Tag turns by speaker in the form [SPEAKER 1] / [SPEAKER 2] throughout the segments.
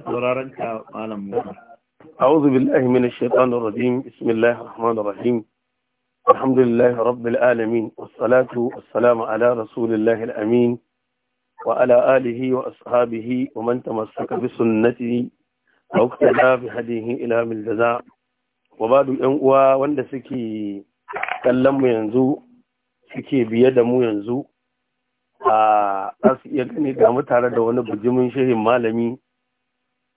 [SPEAKER 1] sauraron ka malam Musa أعوذ بالله من الشيطان الرجيم بسم الله الرحمن الرحيم الحمد لله رب العالمين والصلاة والسلام على رسول الله الأمين وعلى آله وأصحابه ومن تمسك بسنته أو اقتدى بهديه إلى من الجزاء وبعد ينقوى وند سكي كلم ينزو سكي بيد مو ينزو a iya gani ga mutare da wani bujimin shehin malami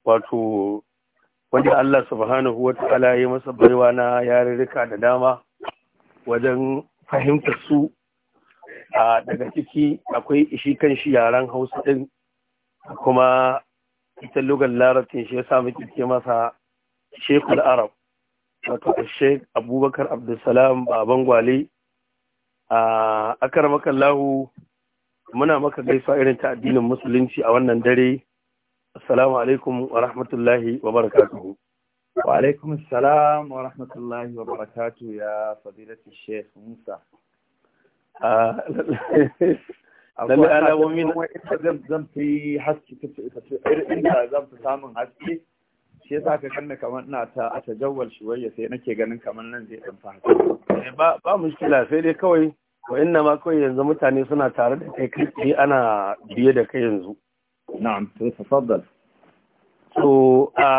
[SPEAKER 1] wato wanda Allah subhanahu wa ta'ala ya masa baiwa na yarurruka da dama wajen fahimtar su a daga ciki akwai ishi kan shi yaren hausa din kuma ita lugar larabcin shi ya sami muke masa shekul arab wato shek abubakar abdulsalam baban gwale a akar maka muna maka gaisa irin ta addinin musulunci a wannan dare Assalamu alaikum wa rahmatullahi wa barakatuhu. Wa alaikum assalam wa rahmatullahi wa barakatuhu ya fadilati Sheikh Musa. Ah, lalle alamomi na zan fi haske inda zan fi samun haske shi yasa ka kanna kamar ina ta a tajawwal shuwayya sai nake ganin kamar nan zai dan fahimta. Eh, ba ba mushkila sai dai kawai wa inna ma kawai yanzu mutane suna tare da kai kai ana biye da kai yanzu. na'am to tafaddal a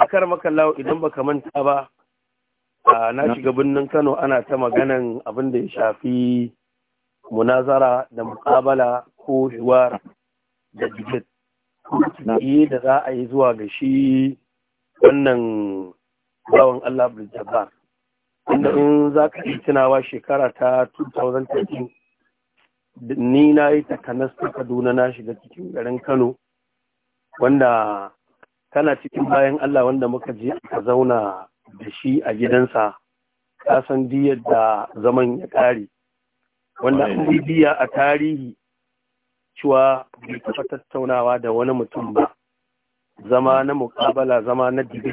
[SPEAKER 1] akar makallawo idan baka manta ba na shiga birnin Kano ana ta maganan abin da ya shafi munazara da muƙabala ko hiwar da digit da za a yi zuwa ga shi wannan bawan Allah Abdul Jabbar inda in za ka yi tunawa shekara ta 2013 ni na yi takanas ta kaduna na shiga cikin garin kano wanda kana cikin bayan allah wanda muka je aka zauna da shi a gidansa ka san diyar da zaman ya ƙare wanda an biya a tarihi cewa bai taɓa tattaunawa da wani mutum ba zama na mukabala zama na dibe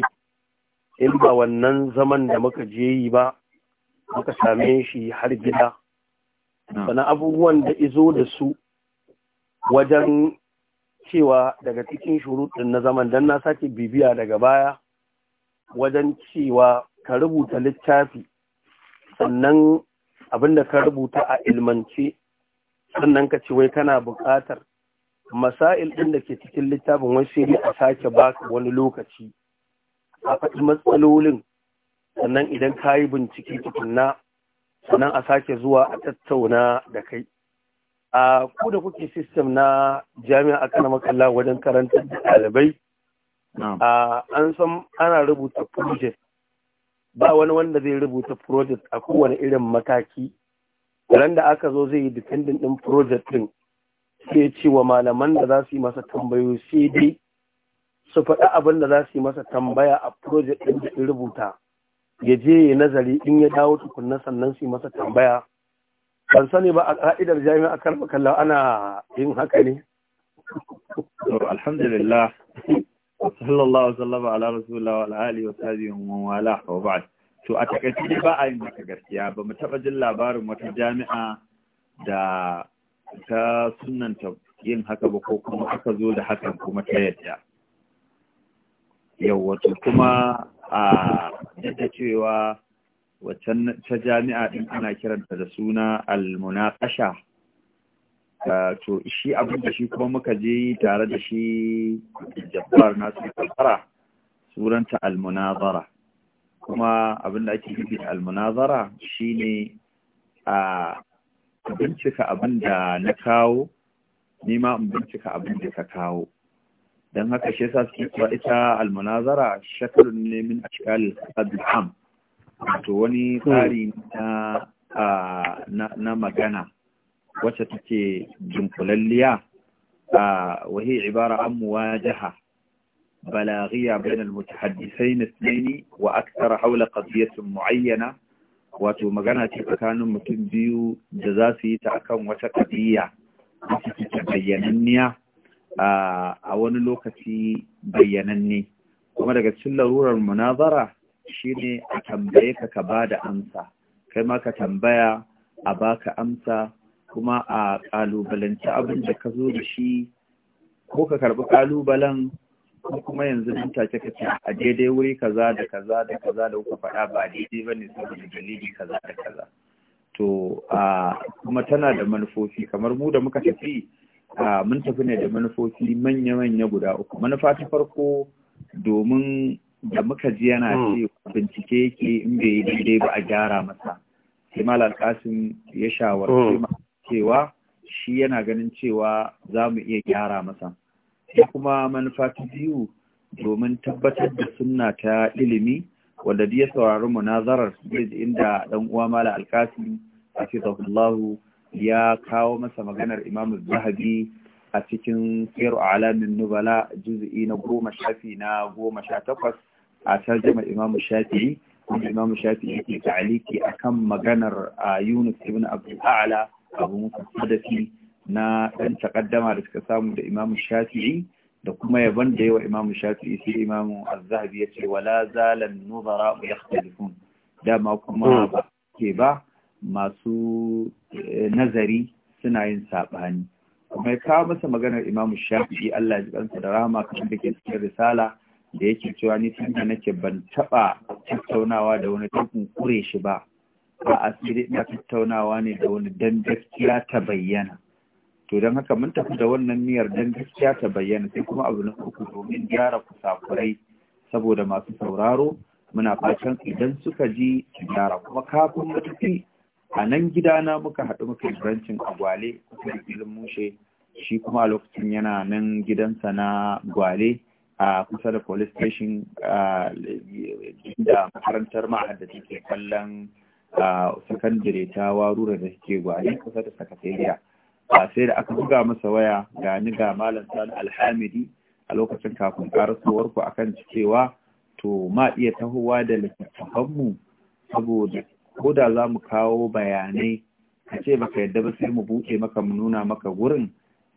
[SPEAKER 1] in ba wannan zaman da muka je yi ba muka same shi har gida sannan abubuwan da izo da su wajen cewa daga cikin shuruɗin na zaman don na sake bibiya daga baya wajen cewa ka rubuta littafi sannan abinda ka rubuta a ilmance sannan ka ce wai kana buƙatar masail ɗin da ke cikin littafin wani sai a sake baka wani lokaci a faɗi matsalolin sannan idan ka yi bincike tukunna sannan a sake zuwa a tattauna da kai a ku da kuke system na jami'a a kana makalla wajen karanta da ɗalibai a an san ana rubuta project ba wani wanda zai rubuta project a kowane irin mataki ran da aka zo zai yi dependent ɗin project din sai ce wa malaman da za su yi masa tambayo sai dai su faɗi abin da za su yi masa tambaya a project ɗin da rubuta ya je ya nazari in ya dawo tukunna sannan su yi masa tambaya ban sani ba a ka'idar jami'a karfa kallon ana yin haka ne alhamdulillah sallallahu sallama ala rasulullah wa al'ali wa sabi wa wala wa to a takaice dai ba a yin maka gaskiya ba mu taba jin labarin wata jami'a da ta sunanta yin haka ba ko kuma aka zo da hakan kuma ta yadda yawwa kuma a yadda cewa waccan ta jami'a din ana kiranta da suna almunaqasha to shi abin da shi kuma muka je tare da shi jabbar su kalfara suranta almunazara kuma abin da ake nufi almunazara shine a bincika abin da na kawo nima in bincika abin da ka kawo don haka shi yasa suke cewa ita almunazara shakalun ne min ashkal al to wani tsari na na magana wacce take jinkulalliya an muwajaha عن bayan بلاغية بين المتحدثين wa aksara حول قضية mu'ayyana, wato magana ce tsakanin mutum biyu da za su yi ta akan wata ƙabiya ta bayyananniya a wani lokaci bayyananne kuma daga cikin larurar munazara shine a tambaye ka ka ba da amsa kai ma ka tambaya a ba ka amsa kuma a ƙalubalanci abin da ka zo da shi ko ka karɓi ƙalubalen ko kuma yanzu nan take ka a daidai wuri kaza da kaza da kaza da kuka faɗa ba daidai bane saboda dalili kaza da kaza to a kuma tana da manufofi kamar mu da muka tafi mun tafi ne da manufofi manya-manya guda uku manufa ta farko domin da muka ji yana hmm. ce bincike yake in bai yi daidai ba a gyara masa sai Alkasim ya shawarci hmm. cewa shi yana ganin cewa za mu iya gyara masa sai kuma manufa ta biyu domin tabbatar da sunna ta ilimi wanda ya saurari munazarar inda dan uwa malam alkasim hafizahullahu ya kawo masa maganar Imam Zahabi a cikin Sirru Alamin Nubala juz'i na goma shafi na goma sha takwas a tarjama Imam Shafi'i kuma Imam Shafi'i aliki a kan maganar Yunus ibn Abdul A'la Abu Musa Sadafi na ɗan takaddama da suka samu da Imam Shafi'i da kuma yaban da yawa Imam Shafi'i sai Imam Az-Zahabi ce wala zalan nuzara yaktalifun dama kuma hmm. ba ke ba masu eh, nazari suna yin saɓani mai kawo masa maganar imamu shafi'i Allah ji kansa da rahama kan da ke cikin risala da yake cewa ni tun da nake ban taɓa tattaunawa da wani tukun kure shi ba ba a na tattaunawa ne da wani dan gaskiya ta bayyana to don haka mun tafi da wannan niyyar dan gaskiya ta bayyana sai kuma abu na uku domin gyara kusakurai saboda masu sauraro muna fatan idan suka ji gyara kuma kafin mu tafi a nan gidana muka haɗu muka a agwale kuma filin mushe shi kuma a lokacin yana nan gidansa na gwale a kusa da police station da makarantar da ke kallon sakandare ta warura da suke gwale kusa da sakatariya a sai da aka buga masa waya ga ni ga malam sani alhamidi a lokacin kafin ku akan cewa to ma iya tahowa da littattafanmu saboda ko da za mu kawo bayanai ka ce baka yadda ba sai mu buke maka mu nuna maka gurin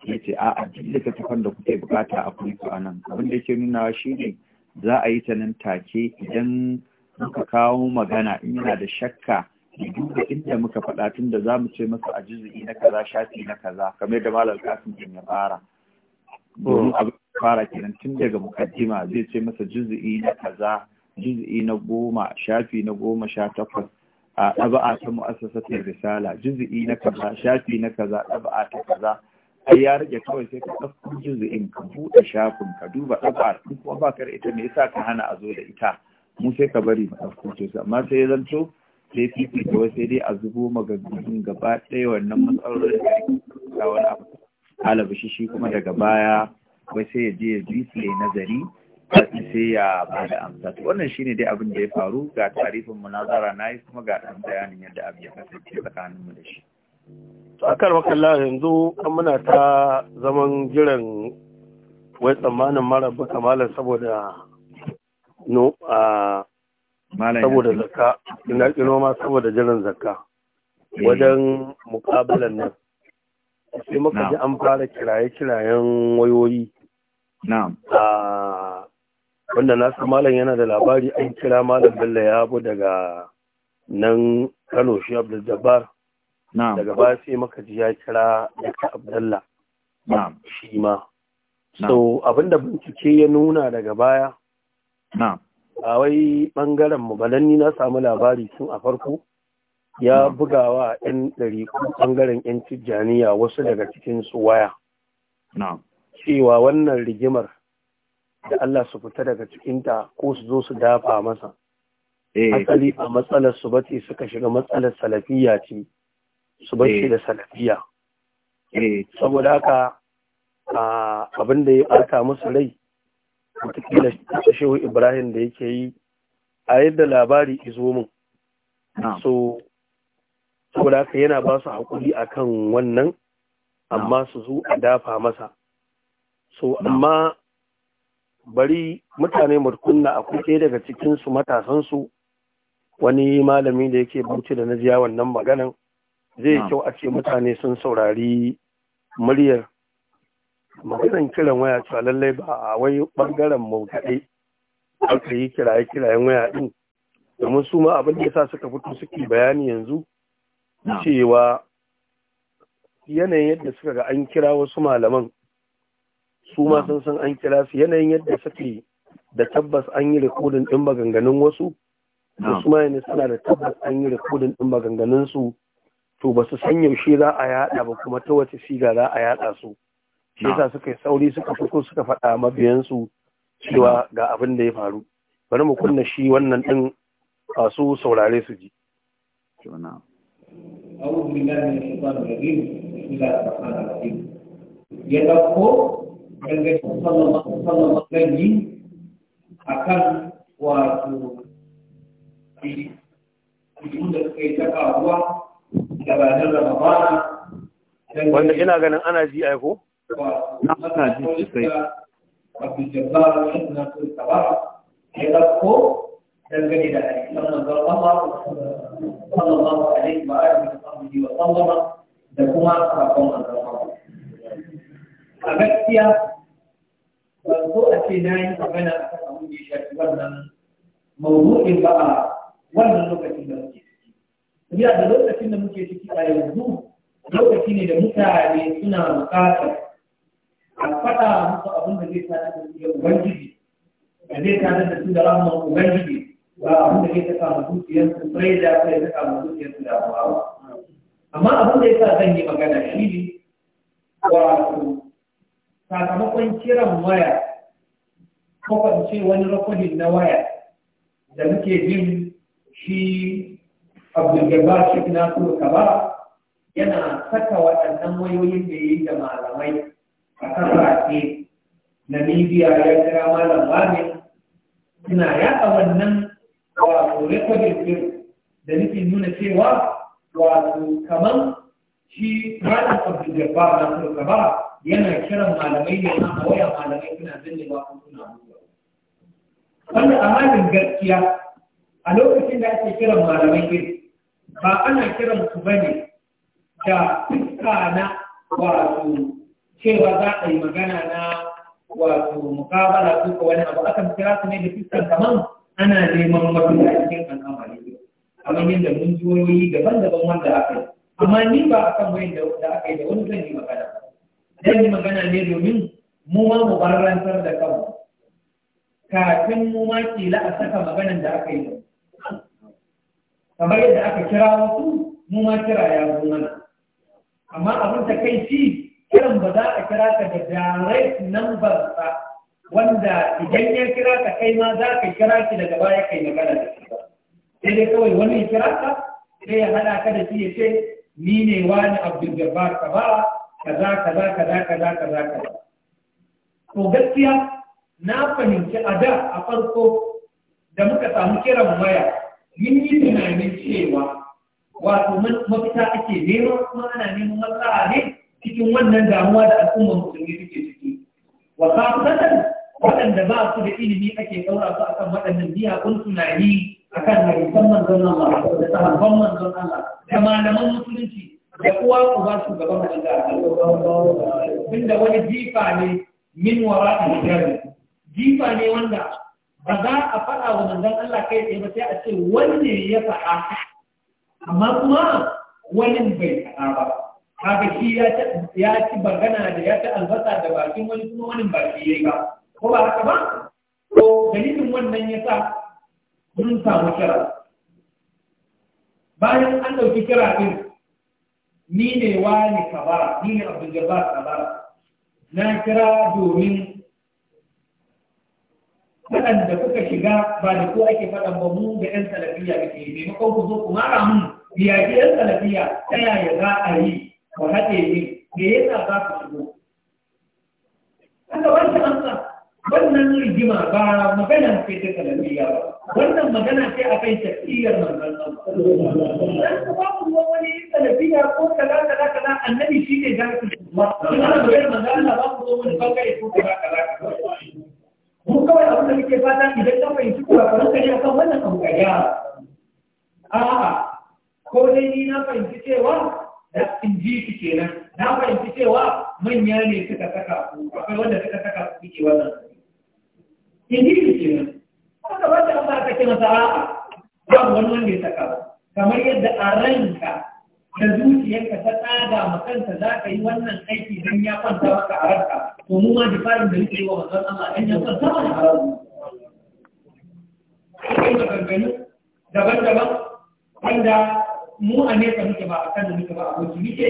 [SPEAKER 1] ya ce a'a duk littattafan da kuke bukata a kuma a nan abin da yake nunawa ne za a yi ta nan take idan muka kawo magana in yana da shakka duba inda muka faɗa tun da za mu ce masa a juzu'i na kaza shafi na kaza kamar yadda malam kasim din ya fara domin abin fara kenan tun daga mukaddima zai ce masa juzu'i na kaza juzu'i na goma shafi na goma sha takwas a ɗaba'a ta mu'assasatar risala juzu'i na kaza shafi na kaza ɗaba'a ta kaza ai ya rage kawai sai ka ɗauko juzi'in, ka buɗe shafin ka duba ɗaba'a in kuma ba ka ita me yasa ka hana a zo da ita mu sai ka bari mu ɗauko to amma sai ya zanto sai fifi wasu sai dai a zubo maganganun gaba ɗaya wannan matsalolin da na abu alabashi shi kuma daga baya wai sai ya je ya ji nazari sai ya ba da amsa to wannan shine dai abin da ya faru ga tarifin munazara yi kuma ga dan bayanin yadda abin ya kasance tsakanin mu da shi to akar makalla yanzu an muna ta zaman jiran wai tsammanin marabba kamalan saboda no a saboda zakka ina kino ma saboda jiran zakka
[SPEAKER 2] eh. wajen
[SPEAKER 1] mukabalan nan sai muka ji an fara kiraye-kirayen wayoyi na'am wanda na san malam yana da labari an kira malam bello ya abu daga nan kano shi abdul jabbar daga baya sai maka ji ya kira daga abdullah shi ma so abinda bincike ya nuna daga baya a wai bangaren mu balanni na samu labari tun a farko ya bugawa wa 'yan ɗari bangaren 'yan tijjaniya wasu daga cikin su waya cewa wannan rigimar da Allah su fita daga cikinta ko su zo su dafa masa eh. asali a matsalar su bace suka shiga matsalar salafiya ce su bace eh. da salafiya eh. saboda haka abin da ya ɓata musu rai wataƙila shehu ibrahim da yake yi a yadda labari izo min so saboda haka yana ba su haƙuri a kan wannan amma su zo a dafa masa so amma bari mutane murkunna a kuke daga cikinsu matasansu wani malami da yake bauchi da na jiya wannan maganan zai kyau a ce mutane sun saurari muryar maganan kiran waya cewa lallai ba a wai bangaren mu kaɗai aka yi kiraye kirayen waya ɗin domin su ma abin da ya sa suka fito suke bayani yanzu cewa yanayin yadda suka ga an kira wasu malaman su ma sun san an kira su yanayin yadda suke da tabbas an yi rikodin ɗin maganganun wasu da su suna da tabbas an yi rikodin ɗin maganganun su to ba su san yaushe za a yaɗa ba kuma ta wace siga za a yaɗa su shi yasa suka yi sauri suka fito suka faɗa mabiyansu cewa ga abin da ya faru bari mu kunna shi wannan ɗin su saurare su ji ya ɗauko dangane sallallahu sallallahu a kan wato ɗin da suka yi ta da ba wanda ina ganin ana ji aiko? na ana ji sosai jabbar na so ta ba ya ɗauko dangane da Allah sallallahu alaihi wa alihi wa da kuma sakon a gaskiya ba so a ce na yi magana a kan abin da ya shafi wannan mawuɗin ba a wannan lokacin da muke ciki. Ya da lokacin da muke ciki a yanzu lokaci ne da mutane suna buƙatar a faɗa musu abin da zai sadar da su da Ubangiji, da zai sadar da su da rahman Ubangiji ba abin da zai saka ma zuciyarsu sai da sai saka ma zuciyarsu da abuwa. Amma abin da ya sa zan yi magana shi ne wato sakamakon kiran waya ko kwanci wani rakodin na waya da muke bin shi abdulgabar shi na turka ba yana saka waɗannan wayoyin da ya yi da malamai a kasashe namibia ya kira malam wani suna yaɗa wannan wato rekodin din da nufin nuna cewa wato kamar shi malam abdulgabar na turka ba yana kiran malamai ne ma a waya malamai suna ba kuma suna buga wanda a halin gaskiya a lokacin da ake kiran malamai ne ba ana kiran su ne da fuska na wato cewa za a yi magana na wato mukabala ko wani abu akan kira su ne da fuskar kaman ana neman mafita cikin al'amari kamar yadda mun ji wayoyi daban-daban wanda aka yi amma ni ba akan wayan da aka yi da wani zan yi magana ba zai yi magana ne domin mu ma mu barrantar da kanmu kafin mu ma ke a saka maganan da aka yi kamar yadda aka kira wasu mu ma kira ya zo amma abin ta kai shi kiran ba za a kira ka da direct number ba wanda idan ya kira ka kai ma za ka kira shi daga baya kai magana da shi ba sai kawai wani ya kira ka sai ya hada ka da shi ya ce ni ne wani abdul jabbar ka ba kaza kaza kaza kaza kaza kaza to gaskiya na fahimci a da a farko da muka samu kiran waya mun yi tunanin cewa wato mafita ake nema kuma ana neman matsala ne cikin wannan damuwa da al'ummar musulmi suke ciki wa kafatan waɗanda ba su da ilimi ake ɗaura su akan waɗannan miyagun tunani akan hadisan manzon Allah da sahabban manzon Allah da malaman musulunci da uwa uba shugaban al'ada tunda wani jifa ne min wara hijabi jifa ne wanda ba za a faɗa wa manzon Allah kai tsaye ba sai a ce wanne ya faɗa amma kuma wani bai faɗa ba kaga shi ya ci bangana da ya ci albasa da bakin wani kuma wani ba shi yayi ba ko ba haka ba to dalilin wannan ya sa mun samu kira bayan an ɗauki kira ɗin ni ne wani kabara ni ne abdul jabbar kabara na kira domin waɗanda kuka shiga ba da ko ake faɗan ba mu da 'yan salafiya da ke maimakon ku zo ku mara mun ke 'yan salafiya ta yaya za a yi ku haɗe ne me yasa za ku shigo? Haka wancan amsa wannan rigima ba magana ce ta kalamiya ba wannan magana ce a kai tafiyar manzon Allah dan ba mu wani talabiya ko kala-kala-kala annabi shi ne da su ma kana magana manzon Allah ba mu wani bangare ko kaza kala mu kawai abin da muke fata idan ka fahimci kuwa ka ranka ne akan wannan abu ga a'a ko dai ni na fahimci cewa da in ji shi kenan na fahimci cewa manya ne suka saka akwai wanda suka saka su ke wannan Individu ke nan. Haka ba ta amsa ka ce masa a'a babu wani wanda ya saka ba. Kamar yadda a ranka da zuciyarka ta tsada ma kanka za ka yi wannan aiki don ya kwanta maka a ranka. To mu ma jifarin da muke yi wa mazan Allah ɗan ya kwanta mana a ranka. Akwai maganganu daban-daban wanda mu a nesa muke ba a kan muke ba a wajen muke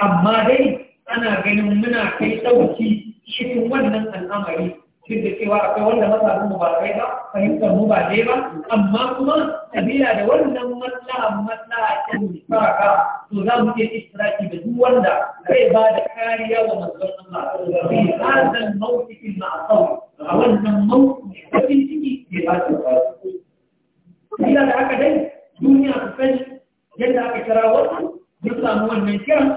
[SPEAKER 1] amma dai ana ganin muna kai ɗauki cikin wannan al'amari duk da cewa akwai wanda mazhabin mu ba kai ba fahimtar mu ba dai ba amma kuma sabila da wannan maslaha maslaha ta musaraka to za mu iya istiraki da duk wanda zai ba da kariya wa manzon masu fi hadal mawqifin ma'saw a wannan mawqifin bakin ciki ke ba ta ba sabila da haka dai duniya su sani yadda aka kira wannan ya samu wannan kiran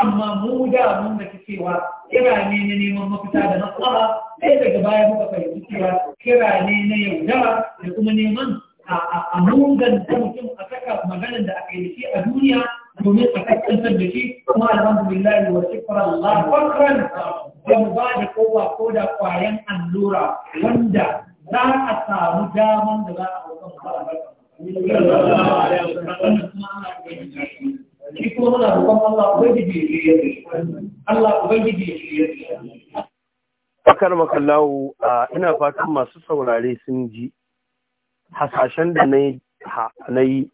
[SPEAKER 1] amma mu da mun da cewa kira ne na neman mafita da matsala sai daga baya muka fahimci cewa kira ne na yauda da kuma neman a da mutum a saka maganar da aka yi shi a duniya domin a kakkantar da shi kuma alhamdulillah wa shukran Allah fakran da mu ba da kowa ko da kwayan allura wanda za a samu daman da za a hauka mu shi kuma muna roƙon Allah ubangiji ya shi Allah ubangiji ya shi Bakar a ina fatan masu saurare sun ji hasashen da na yi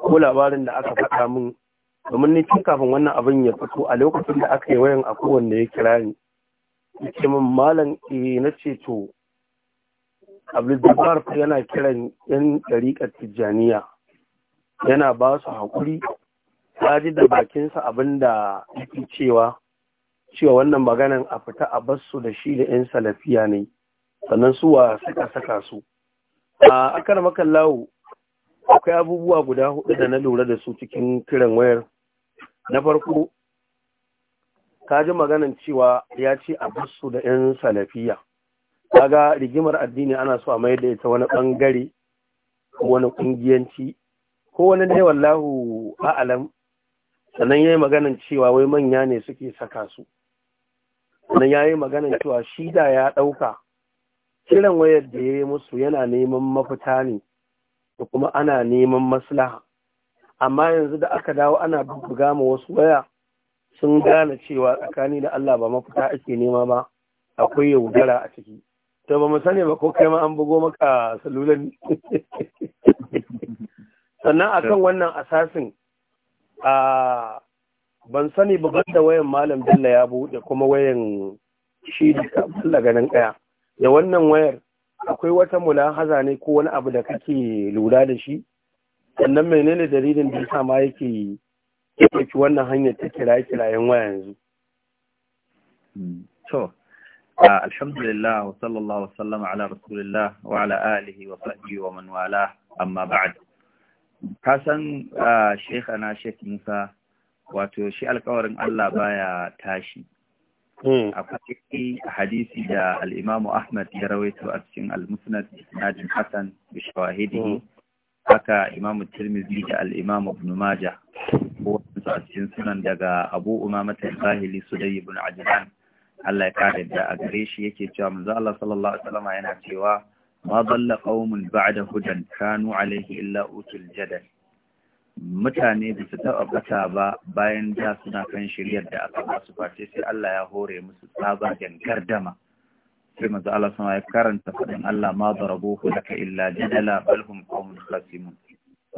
[SPEAKER 1] ko labarin da aka faɗa min domin ni tun kafin wannan abin ya fito a lokacin da aka yi wayan a kowanne ya kira ni yake min malam e na ce to abdulbar yana kiran yan ɗariƙar tijjaniya yana ba su haƙuri ta ji da bakinsa abin da yake cewa cewa wannan maganan a fita a bassu da shi da 'yan salafiya ne sannan suwa suka saka su a akar lawo akwai abubuwa guda hudu da na lura da su cikin kiran wayar na farko ka ji maganan cewa ya ce a basu da 'yan salafiya kaga rigimar addini ana so a mai da ita wani bangare wani kungiyanci ko wani dai wallahu a'alam sannan ya yi maganan cewa wai manya ne suke saka su sannan ya yi maganan cewa shi da ya ɗauka kiran wayar da ya yi musu yana neman mafita ne da kuma ana neman maslaha amma yanzu da aka dawo ana buga ma wasu waya sun gane cewa tsakani da Allah ba mafita ake nema ba akwai yaudara a ciki to ba mu sani ba ko kai ma an bugo maka salulan sannan akan wannan asasin a ban sani ba da wayan malam Bello ya buɗe kuma wayan shi da ganin ɗaya da wannan wayar akwai wata mulahaza ne ko wani abu da kake lura da shi sannan menene dalilin da yasa ma yake yake wannan hanyar ta kira kirayen waya yanzu hmm, to alhamdulillah wa sallallahu ala rasulillah wa ala alihi wa sahbihi wa man wala amma ba'd ka san ah, shekana shek musa wato shi alkawarin allah baya tashi hmm. akwai hadisi da al'imamu ahmad ya rawaito a cikin al-musnad hassan da shawahidi hmm. haka imamu tirmizi da al'imamu ibn maja wasu a cikin sunan daga abu umamata zahili su dai ibn ajiyar allah ya kare da a gare shi yake cewa manzo allah sallallahu alaihi wasallam yana cewa ma balla qaumun ba'da hudan kanu alaihi illa utul jadal mutane da su taɓa ɓata ba bayan da suna kan shiryar da aka ba su face sai Allah ya hore musu tsabagen gardama sai manzo Allah sama ya karanta faɗin Allah ma darabuhu laka illa jadala bal hum qaumun khasimun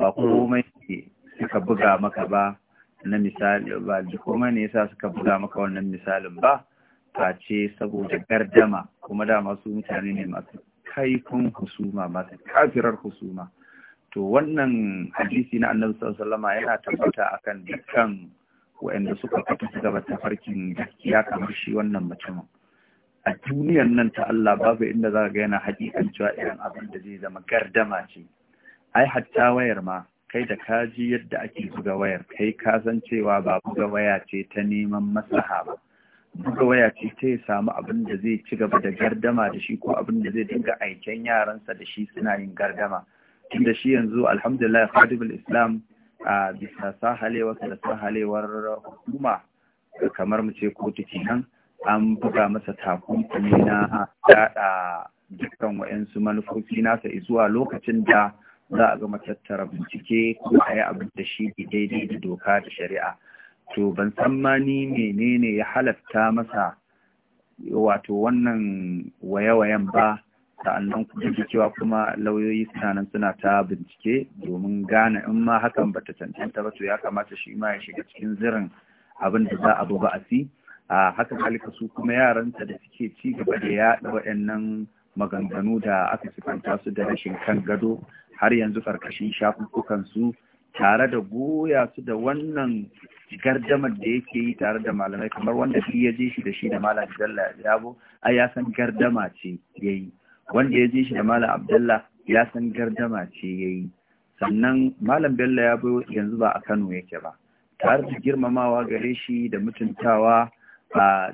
[SPEAKER 1] ba komai ne suka buga maka ba na misali ba komai ne yasa suka buga maka wannan misalin ba face saboda gardama kuma da masu mutane ne masu kaifin husuma ba ta kafirar husuma to wannan hadisi na annabi sallallahu alaihi yana tabbata akan dukkan wanda suka fita su gaba tafarkin gaskiya kamar shi wannan mutumin a duniyar nan ta Allah babu inda za ga yana hakikan cewa irin abin da zai zama gardama ce ai hatta wayar ma kai da ka ji yadda ake buga wayar kai ka san cewa ba buga waya ce ta neman maslaha ba buga waya ce ta ya samu abin da zai ci gaba da gardama da shi ko abin da zai dinga aiken yaransa da shi suna yin gardama tunda shi yanzu alhamdulillah khadibul islam a bisa sahalewarsa da sahalewar hukuma kamar mu ce kotu kenan an buga masa takunkumi na yada dukkan wa'yansu manufofi nasa zuwa lokacin da za a ga matattara bincike ko a yi abin da shi daidai da doka da shari'a to ban san menene ya halatta masa wato wannan waye-wayen ba sa'annan kuma da cewa kuma lauyoyi suna nan suna ta bincike domin gane in ma hakan bata cancanta ba to ya kamata shi ma ya shiga cikin zirin abin da za a a ba'asi a haka halika su kuma yaransa da suke ci gaba da yaɗa waɗannan maganganu da aka sifanta su da rashin kan gado har yanzu karkashin shafukan su tare da goya su da wannan gardamar da yake yi tare da malamai kamar wanda shi ya je shi da shi da malam abdullahi yabo a ya san gardama ce ya yi wanda ya je shi da malam abdullah ya san gardama ce ya yi sannan malam bello yabo yanzu ba a kano yake ba tare da girmamawa gare shi da mutuntawa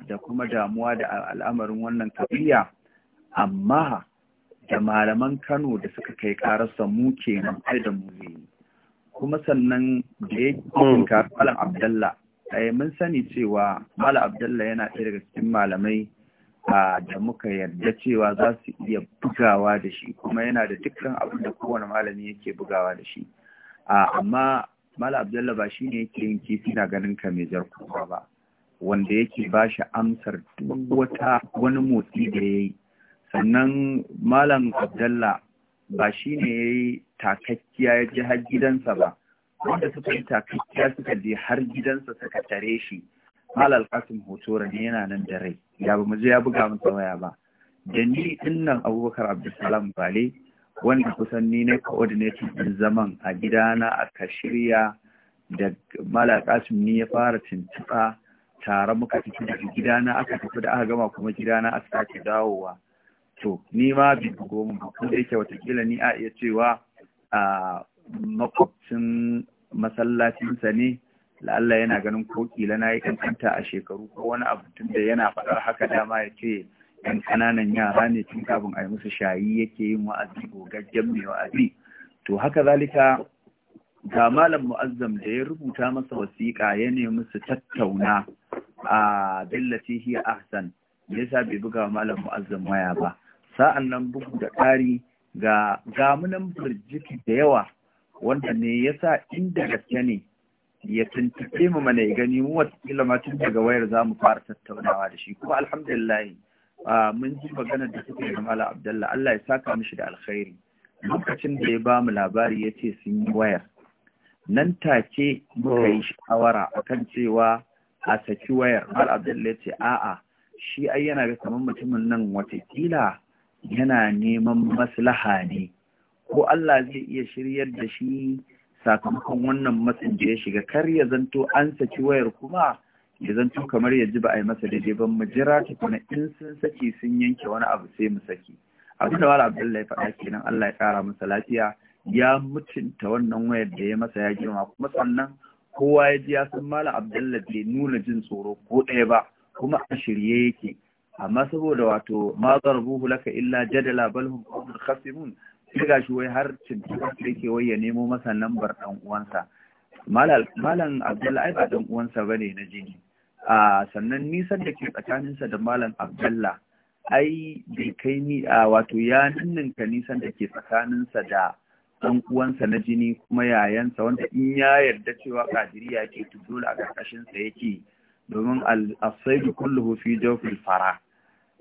[SPEAKER 1] da kuma damuwa da al'amarin wannan kafiya amma da malaman kano da suka kai karasa mu kenan kai da mu zai yi kuma sannan da ya kinka hmm. Malam Abdalla eh, mun sani cewa Malam Abdalla yana ɗaya daga cikin malamai da muka yarda cewa za su iya bugawa da shi kuma yana da dukkan abin da kowane malami yake bugawa da shi amma Malam Abdalla ba shi ne yake yin kifi na ganin ka mai jar ba wanda yake ba shi amsar duk wata wani motsi da ya yi sannan Malam Abdalla ba shi ne ya yi takakkiya ya ji har gidansa ba wanda suka yi takakkiya suka je har gidansa suka tare shi malal kasim hotora ne yana nan da rai ya ba mu ya buga masa waya ba da ni nan abubakar abdulsalam bale wanda kusan ni ne coordinating din zaman a gidana aka shirya da malal kasim ni ya fara tuntuɓa tare muka tafi da gidana aka tafi da aka gama kuma gidana aka sake dawowa to ni ma bi goma ko da yake watakila ni a iya cewa a makwabcin masallacinsa ne la'alla yana ganin ko kila na yi kankanta a shekaru ko wani abu tun da yana faɗar haka dama ya ce yan ƙananan yara ne tun kafin a yi musu shayi yake yin wa'azi gogaggen mai wa'azi to haka zalika ga malam mu'azzam da ya rubuta masa wasiƙa ya nemi su tattauna a billati hiya ahsan yasa bai buga malam mu'azzam waya ba sa'an nan bugu da ƙari ga gamunan birjiki da yawa wanda ne ya sa inda gaske ne ya tuntuɓe mu mana ya gani mu wasu ma tun daga wayar za mu fara tattaunawa da shi kuma alhamdulillah mun ji magana da suka yi mala abdallah Allah ya saka mishi da alkhairi lokacin da ya ba mu labari ya ce sun yi wayar nan take muka yi shawara akan cewa a saki wayar Malam abdallah ya ce a'a shi ai yana ga kamar mutumin nan watakila yana neman maslaha ne ko Allah zai iya shiryar da shi sakamakon wannan matsin da ya shiga kar ya zanto an saki wayar kuma ya zanto kamar ya ji ba a yi masa daidai ba, mu jira tukuna in sun saki sun yanke wani abu sai mu saki abin da wala abdullahi faɗa kenan Allah ya ƙara masa lafiya ya mutunta wannan wayar da ya masa ya girma kuma sannan kowa ya ji ya san malam abdullahi bai nuna jin tsoro ko ɗaya ba kuma a shirye yake amma saboda wato mazar buhu laka illa jadala balhum mun khasimun sai gashi wai har cinta yake wai ya nemo masa lambar dan uwansa malam abdul ai ba dan uwansa bane na jini a sannan nisan da ke tsakaninsa da malam Abdullahi, ai bai kai ni a wato ya ninninka nisan da ke tsakaninsa da dan uwansa na jini kuma yayansa wanda in ya yarda cewa kadiriya ke tudula a karkashin sa yake domin al-asaidu kulluhu fi jawfil fara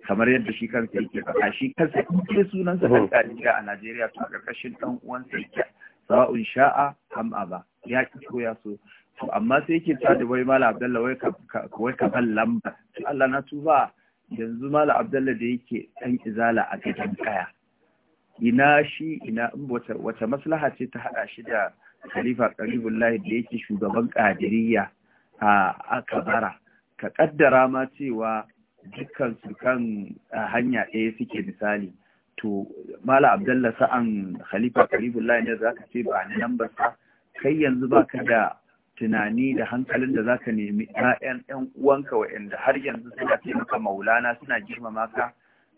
[SPEAKER 1] kamar yadda shi kansa yake faɗa shi kansa in ce sunansa ɗan ɗaliya a Najeriya to a ƙarƙashin ɗan uwansa yake sa'un sha'a am ba. ya ki ko ya so to amma sai yake ta da wai mala abdalla wai ka wai ka ban lamba to Allah na tuba yanzu mala abdalla da yake ɗan izala a gidan kaya ina shi ina in wata wata maslaha ce ta haɗa shi da khalifa qaribullahi da yake shugaban qadiriyya a kabara ka ƙaddara ma cewa dukkan su kan ah, hanya ɗaya suke misali to mala abdalla sa'an khalifa karibullahi ne zaka ce ba ni nan ba kai yanzu baka da tunani da hankalin da zaka nemi ƴaƴan ƴan uwanka waɗanda har yanzu suna ce maka maulana suna girmama ka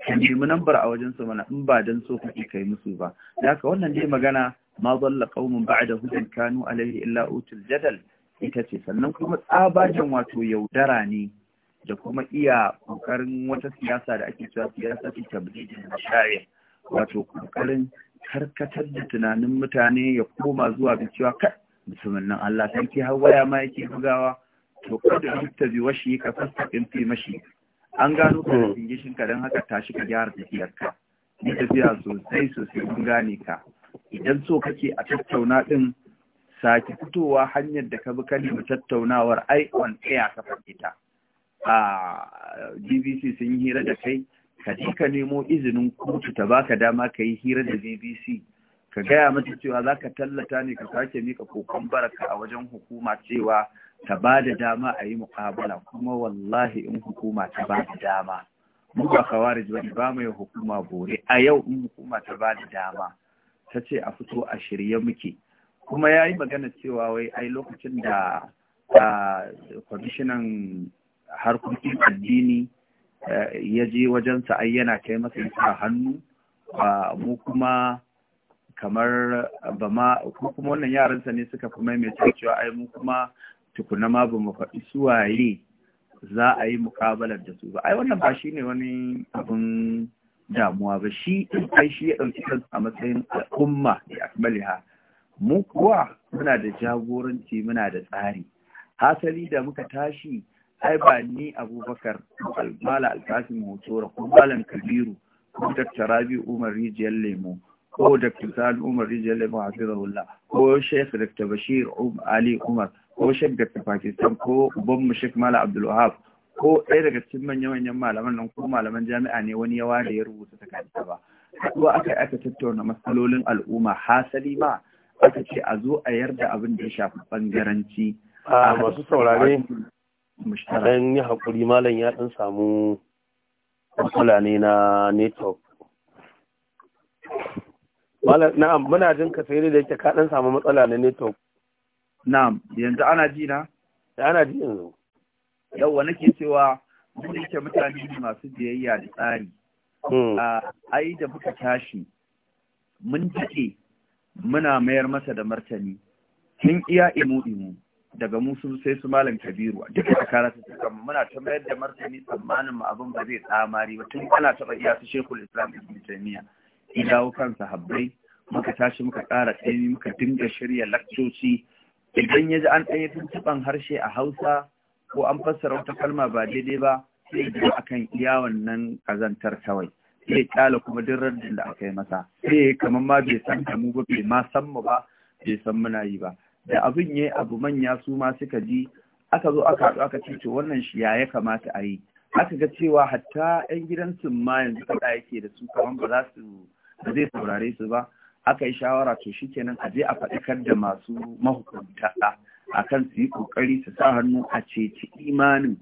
[SPEAKER 1] ka nemi a wajen su mana in ba dan so kake kai musu ba haka wannan dai magana ma dalla qaumun ba'da hudan kanu alaihi illa utul jadal ita ce sannan kuma tsabagen wato yaudara ne da kuma iya kokarin wata siyasa da ake cewa siyasa tabbiji da mashari wato kokarin karkatar da tunanin mutane ya koma zuwa ga cewa kai mutumin nan Allah sarki har waya ma yake bugawa to kada ta bi washi ka fasta in fi mashi an gano ka gishin ka dan haka tashi ka gyara ka ni tafiya sosai sosai kun gane ka idan so kake a tattauna din sake fitowa hanyar da ka bi kalli tattaunawar ai on air ka fadita a bbc sun yi hira da kai ka ji ka nemo izinin kotu ta baka dama ka yi hira da bbc ka gaya mata cewa za ka tallata ne ka sake mika kokon baraka a wajen hukuma cewa ta ba da dama a yi muƙabala kuma wallahi in hukuma ta ba da dama mu ba kawarij ba ba mai hukuma bore a yau in hukuma ta ba da dama ta ce a fito a shirye muke kuma ya yi magana cewa wai ai lokacin da kwamishinan harkokin addini eh, ya je wajen ai yana kai masa yasa hannu mu kuma kamar ba ma ko kuma wannan yaransa ne suka fi maimaita cewa ai mu kuma tukuna ma ba mu faɗi su waye?' za a yi mukabalar da su ba ai wannan ba shi ne wani abin damuwa ba shi ai shi ya ɗauki kansa a matsayin al'umma da akmaliha mu kuwa muna da jagoranci muna da tsari hasali da muka tashi ai ba ni abubakar mala alkasim hotora ko malam kabiru ko dr rabi umar rijiyar lemo ko dr sani umar rijiyar lemo a fizahullah ko sheikh dr bashir um-, ali umar ko sheikh dr pakistan ko ubanmu sheikh mala abdulwahab ko ɗaya daga cikin manya-manyan malaman nan ko malaman jami'a ne wani yawa da ya rubuta takarda ba haɗuwa aka yi aka tattauna matsalolin al'umma hasali ma aka ce a zo a yarda abin da ya shafi bangaranci a masu saurare dan yi haƙuri malam ya ɗan samu matsala ne na network malam na'am muna jin ka sai da yake ka ɗan samu matsala na network na'am yanzu ana ji na ana ji yanzu wani ke cewa mun yake mutane ne masu biyayya da tsari hmm. a ai da muka tashi mun jiƙe. muna mayar masa da martani kin iya imu imu daga musu sai su malam kabiru a duk da kara su kan muna ta mayar da martani tsammanin mu abin ba zai tsamari ba tun ana taba iya su shekul islam ibn taymiya ya dawo kansa habbai muka tashi muka ƙara tsayi muka dinga shirya lakcoci idan ya ji an ɗaya tuntuɓan harshe a hausa ko an fassara wata kalma ba daidai ba sai ji akan iya wannan kazantar kawai sai kyala kuma duk raddin da aka yi masa sai kamar ma bai san mu ba bai ma san mu ba bai san muna yi ba da abin yayi abu manya su ma suka ji aka zo aka haɗu aka ce to wannan shi ya ya kamata a yi aka ga cewa hatta 'yan gidan sun ma yanzu kaɗa yake da su kamar ba za su ba zai saurare su ba aka yi shawara to shikenan a je a faɗi kar da masu mahukunta a akan su yi ƙoƙari su sa hannu a ceci imanin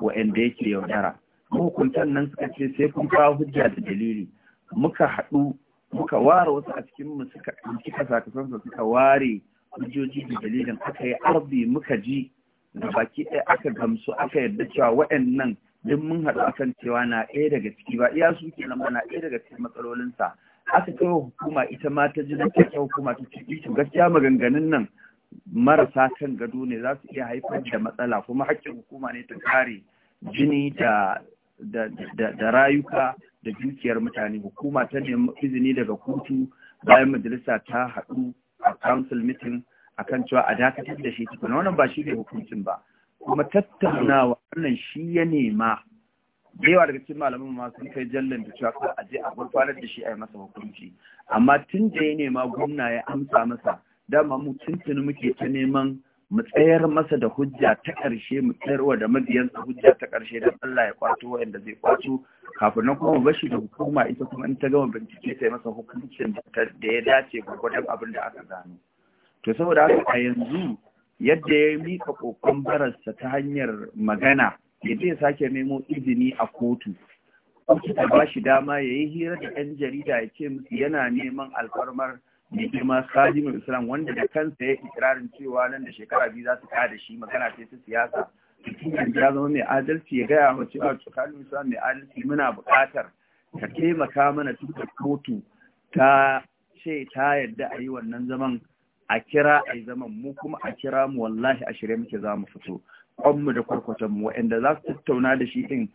[SPEAKER 1] wa'anda yake yaudara mahukuntan nan suka ce sai kun kawo hujja da dalili muka haɗu muka ware wasu a cikin mu suka ɗauki kasa suka ware hujjoji da dalilin aka yi arzi muka ji da baki ɗaya aka gamsu aka yadda cewa waɗannan duk mun haɗu akan cewa na ɗaya daga ciki ba iya su ke lamba na ɗaya daga cikin matsalolinsa aka kai hukuma ita ma ta ji da ta hukuma ta ciki to gaskiya maganganun nan marasa kan gado ne za su iya haifar da matsala kuma haƙƙin hukuma ne ta kare jini da da rayuka da dukiyar mutane hukuma ta nemi izini daga kotu bayan majalisa ta haɗu a council meeting a kan cewa a dakatar da shi tukuna wannan ba shi ne hukuncin ba kuma tattaunawa wannan shi ya nema da yawa daga cikin malaman ma sun kai jallan da cewa a je a gurfanar da shi a yi masa hukunci amma tun da ya nema gwamna ya amsa masa dama mu tuntuni muke ta neman mu tsayar masa da hujja ta ƙarshe mu tsayar wa da mabiyansa hujja ta ƙarshe don Allah ya kwato wa'anda zai kwato kafin nan kuma bashi da hukuma ita kuma in ta gama bincike ta yi masa hukuncin da ya dace gwagwadon abin da aka gano to saboda haka a yanzu yadda ya mika kokon bararsa ta hanyar magana ya je sake nemo izini a kotu kotu ta ba shi dama ya yi hira da 'yan jarida ya ce musu yana neman alfarmar mai girma sajimul islam wanda da kansa ya ikirarin cewa nan da shekara biyu za su da shi magana ce ta siyasa ya zama mai adalci ya gaya wa cewa tsakanin islam mai adalci muna buƙatar ka taimaka mana tuka kotu ta ce ta yadda a yi wannan zaman a kira a yi zaman mu kuma a kira mu wallahi a shirya muke za mu fito kwanmu da kwarkwatan mu waɗanda za su tattauna da shi ɗin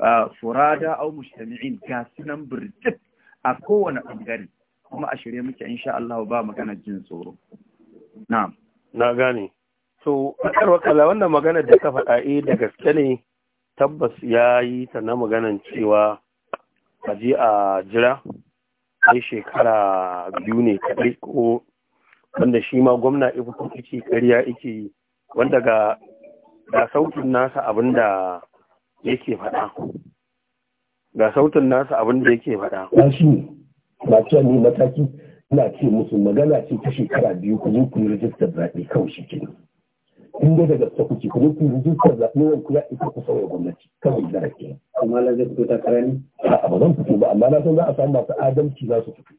[SPEAKER 1] ah, furada au mujtami'in ga sunan birjit a kowane ɓangare kuma a shirye muke sha Allah ba magana jin tsoro Na. na gane so akar wakala wannan magana da ka faɗa eh da gaske ne tabbas ya yi ta na maganan cewa a je a jira sai shekara biyu ne kaɗai ko wanda shi ma gwamna ibu kuki kariya yake wanda ga ga sautin nasa abin da yake faɗa ga sautin nasa abin da yake faɗa ba ne mataki na ce musu magana ce ta shekara biyu ku je ku yi rijistar zaɓe kawai shi kenan in dai daga ta kuke ku je ku yi rijistar zaɓe wani ku ya isa ku sauya gwamnati kawai da rake amma na zai fito a'a ba zan fito ba amma na san za a samu masu adalci za su fito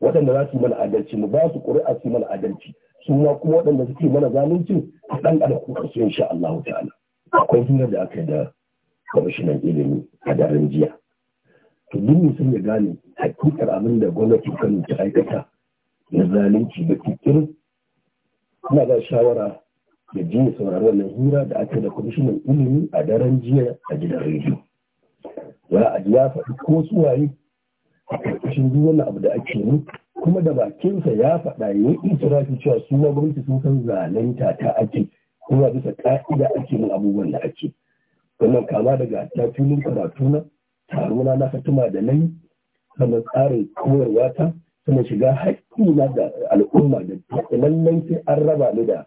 [SPEAKER 1] waɗanda za su yi mana adalci mu ba su ƙuri'a su yi mana adalci su ma kuma waɗanda suke mana zalunci a ɗan ka so su insha Allah ta'ala akwai hirar da aka yi da kwamishinan ilimi a daren jiya to duk mutum ya gane hakikar abin da gwamnati kano ta aikata na zalunci da kikirin ina ba shawara da jiya ya saurari wannan hira da aka da kwamishinan ilimi a daren jiya a gidan rediyo za a ji ya faɗi ko suwaye a ƙarƙashin duk wani abu da ake yi kuma da bakinsa ya faɗa ya yi itirafi cewa su ma gwamnati sun san zalunta ta ake kuma bisa ƙa'ida ake yin abubuwan da ake wannan kama daga ta filin karatu na karuna na fatima da nan sannan tsarin koyarwa ta sannan shiga haƙƙi da al'umma da lallai sai an raba ni da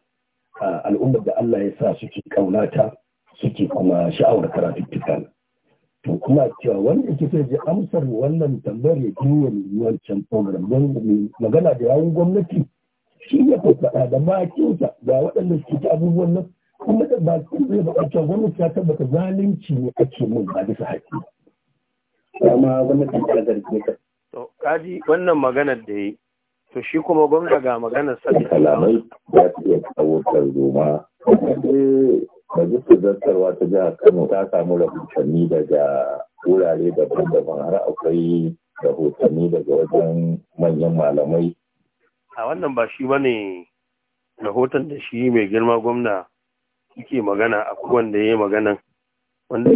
[SPEAKER 1] al'ummar da Allah ya sa suke kaunata suke kuma sha'awar karatuttuka to kuma cewa wanda yake sai amsar wannan tambayar ya jiya yi wancan program don magana da yawun gwamnati shi ne ko faɗa da bakinsa ga waɗanda suke ta abubuwan nan kuma da su zai faɗa cewa gwamnati ta tabbata zalunci ne ake mun ba bisa haƙƙi to kaji wannan maganar da yi to shi kuma gwamna ga maganar sa kalamai ya fi iya kawo tarzoma eh, zartarwa ta jihar kano ta samu rahotanni daga wurare daban-daban har akwai rahotanni daga wajen manyan malamai a wannan ba shi bane rahoton da shi mai girma gwamna yake magana a wanda ya yi maganan wanda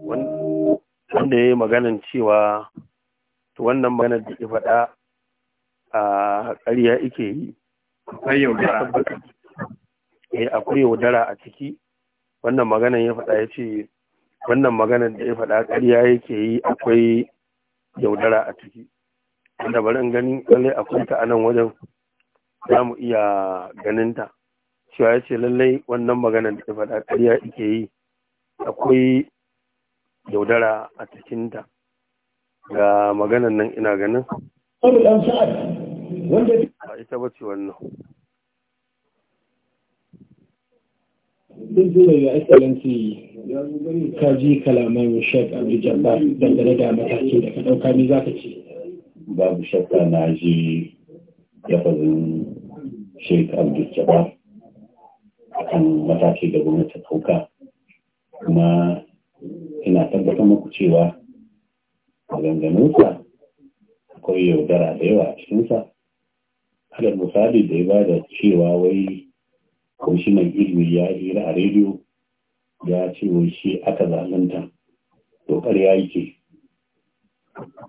[SPEAKER 1] wanda ya yi maganan cewa wannan maganar da ya faɗa a ƙarya ike yi eh, akwai yaudara a ciki wannan maganar ya faɗa ya ce wannan maganar da ya faɗa ƙarya yake yi akwai yaudara a ciki wanda bari ganin gani lallai akwai ta a nan wajen za mu iya ganinta cewa ya ce lallai wannan maganar da ya faɗa ƙarya yake yi akwai yaudara a cikinta ga maganan nan ina ganin ba ita ba ce wannan duk zuwa ga excellency ka ji kalaman shek abu jabbar dangane da mataki da ka ɗauka ni za ka ce babu shakka na ji lafazin shek abu jabbar kan mataki da gwamnati ɗauka kuma ina tabbatar muku cewa maganganunsa akwai yaudara da yawa a cikinsa halar misali da ya ba da cewa wai kwamishinan ilimi ya hira a rediyo ya ce wai shi aka zalunta dokar ya yi ke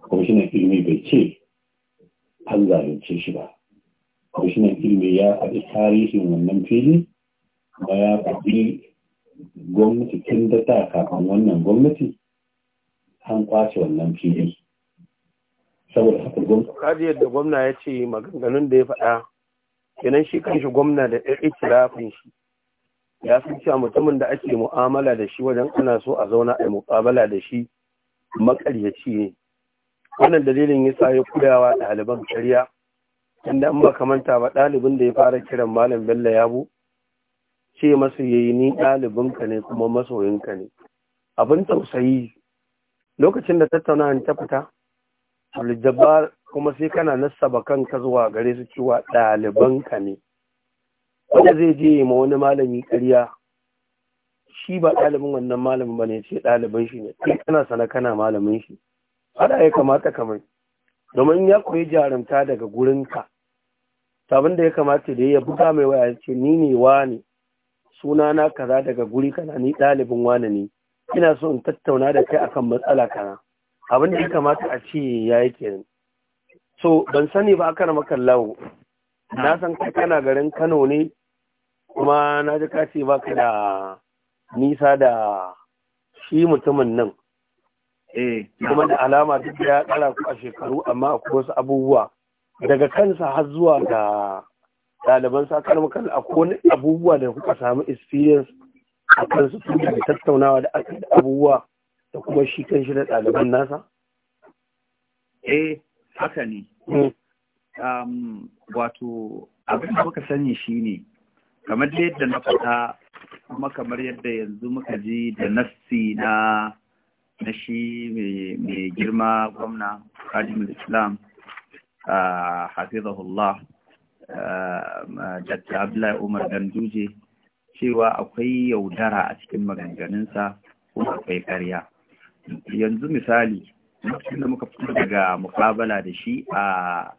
[SPEAKER 1] kwamishinan ilimi bai ce an zalunce shi ba kwamishinan ilimi ya faɗi tarihin wannan fili ba ya faɗi gwamnati tun da ta kafin wannan gwamnati an kwace wannan fili saboda haka gwamnati kaji yadda gwamna ya ce maganganun da ya faɗa kenan shi kanshi gwamna da ɗan ikirafin shi ya san cewa mutumin da ake mu'amala da shi wajen ana so a zauna a muƙabala da shi makaryaci ne wannan dalilin ya sa ya koyawa ɗaliban karya inda an ba kamanta ba ɗalibin da ya fara kiran malam bello ya yabo ce masa yayi ni ɗalibinka ne kuma masoyinka ne abin tausayi lokacin da tattaunawa ta fita aljabar kuma sai kana nasaba kanka zuwa gare su cewa ɗalibinka ne wanda zai je ma wani malami ƙarya shi ba ɗalibin wannan malamin ba ne ce ɗalibin shi ne kai kana sana kana malamin shi haɗa ya kamata kamar domin ya koyi jarumta daga gurinka abin da ya kamata da ya buga mai waya ce ni ne wa ne Suna na kaza daga guri kana ni ɗalibin wani ne ina so in tattauna da kai akan matsala kana. abin da ya kamata a ce ya yi kenan so ban sani ba aka rama kallawo na san kai kana garin kano ne kuma na ji ka ce ba ka da nisa da shi mutumin nan Eh kuma da alama duk ya kara ku a shekaru amma akwai wasu abubuwa daga kansa har zuwa ga ɗaliban sakar makal a abubuwa da kuka samu experience a kan su tun daga tattaunawa da aka da abubuwa da kuma shi kan shi da ɗaliban nasa? Eh, haka ne. Hmm. Um, wato abin da muka sani shi ne, kamar da yadda na faɗa kuma kamar yadda yanzu muka ji da nassi na na shi mai girma gwamna Kadimul Islam, ah, hafizahullah. Ah, Dr. Abdullahi Umar Ganduje cewa akwai yaudara a cikin maganganunsa kuma akwai karya. Yanzu misali, mutum da muka fito daga mukabala da shi a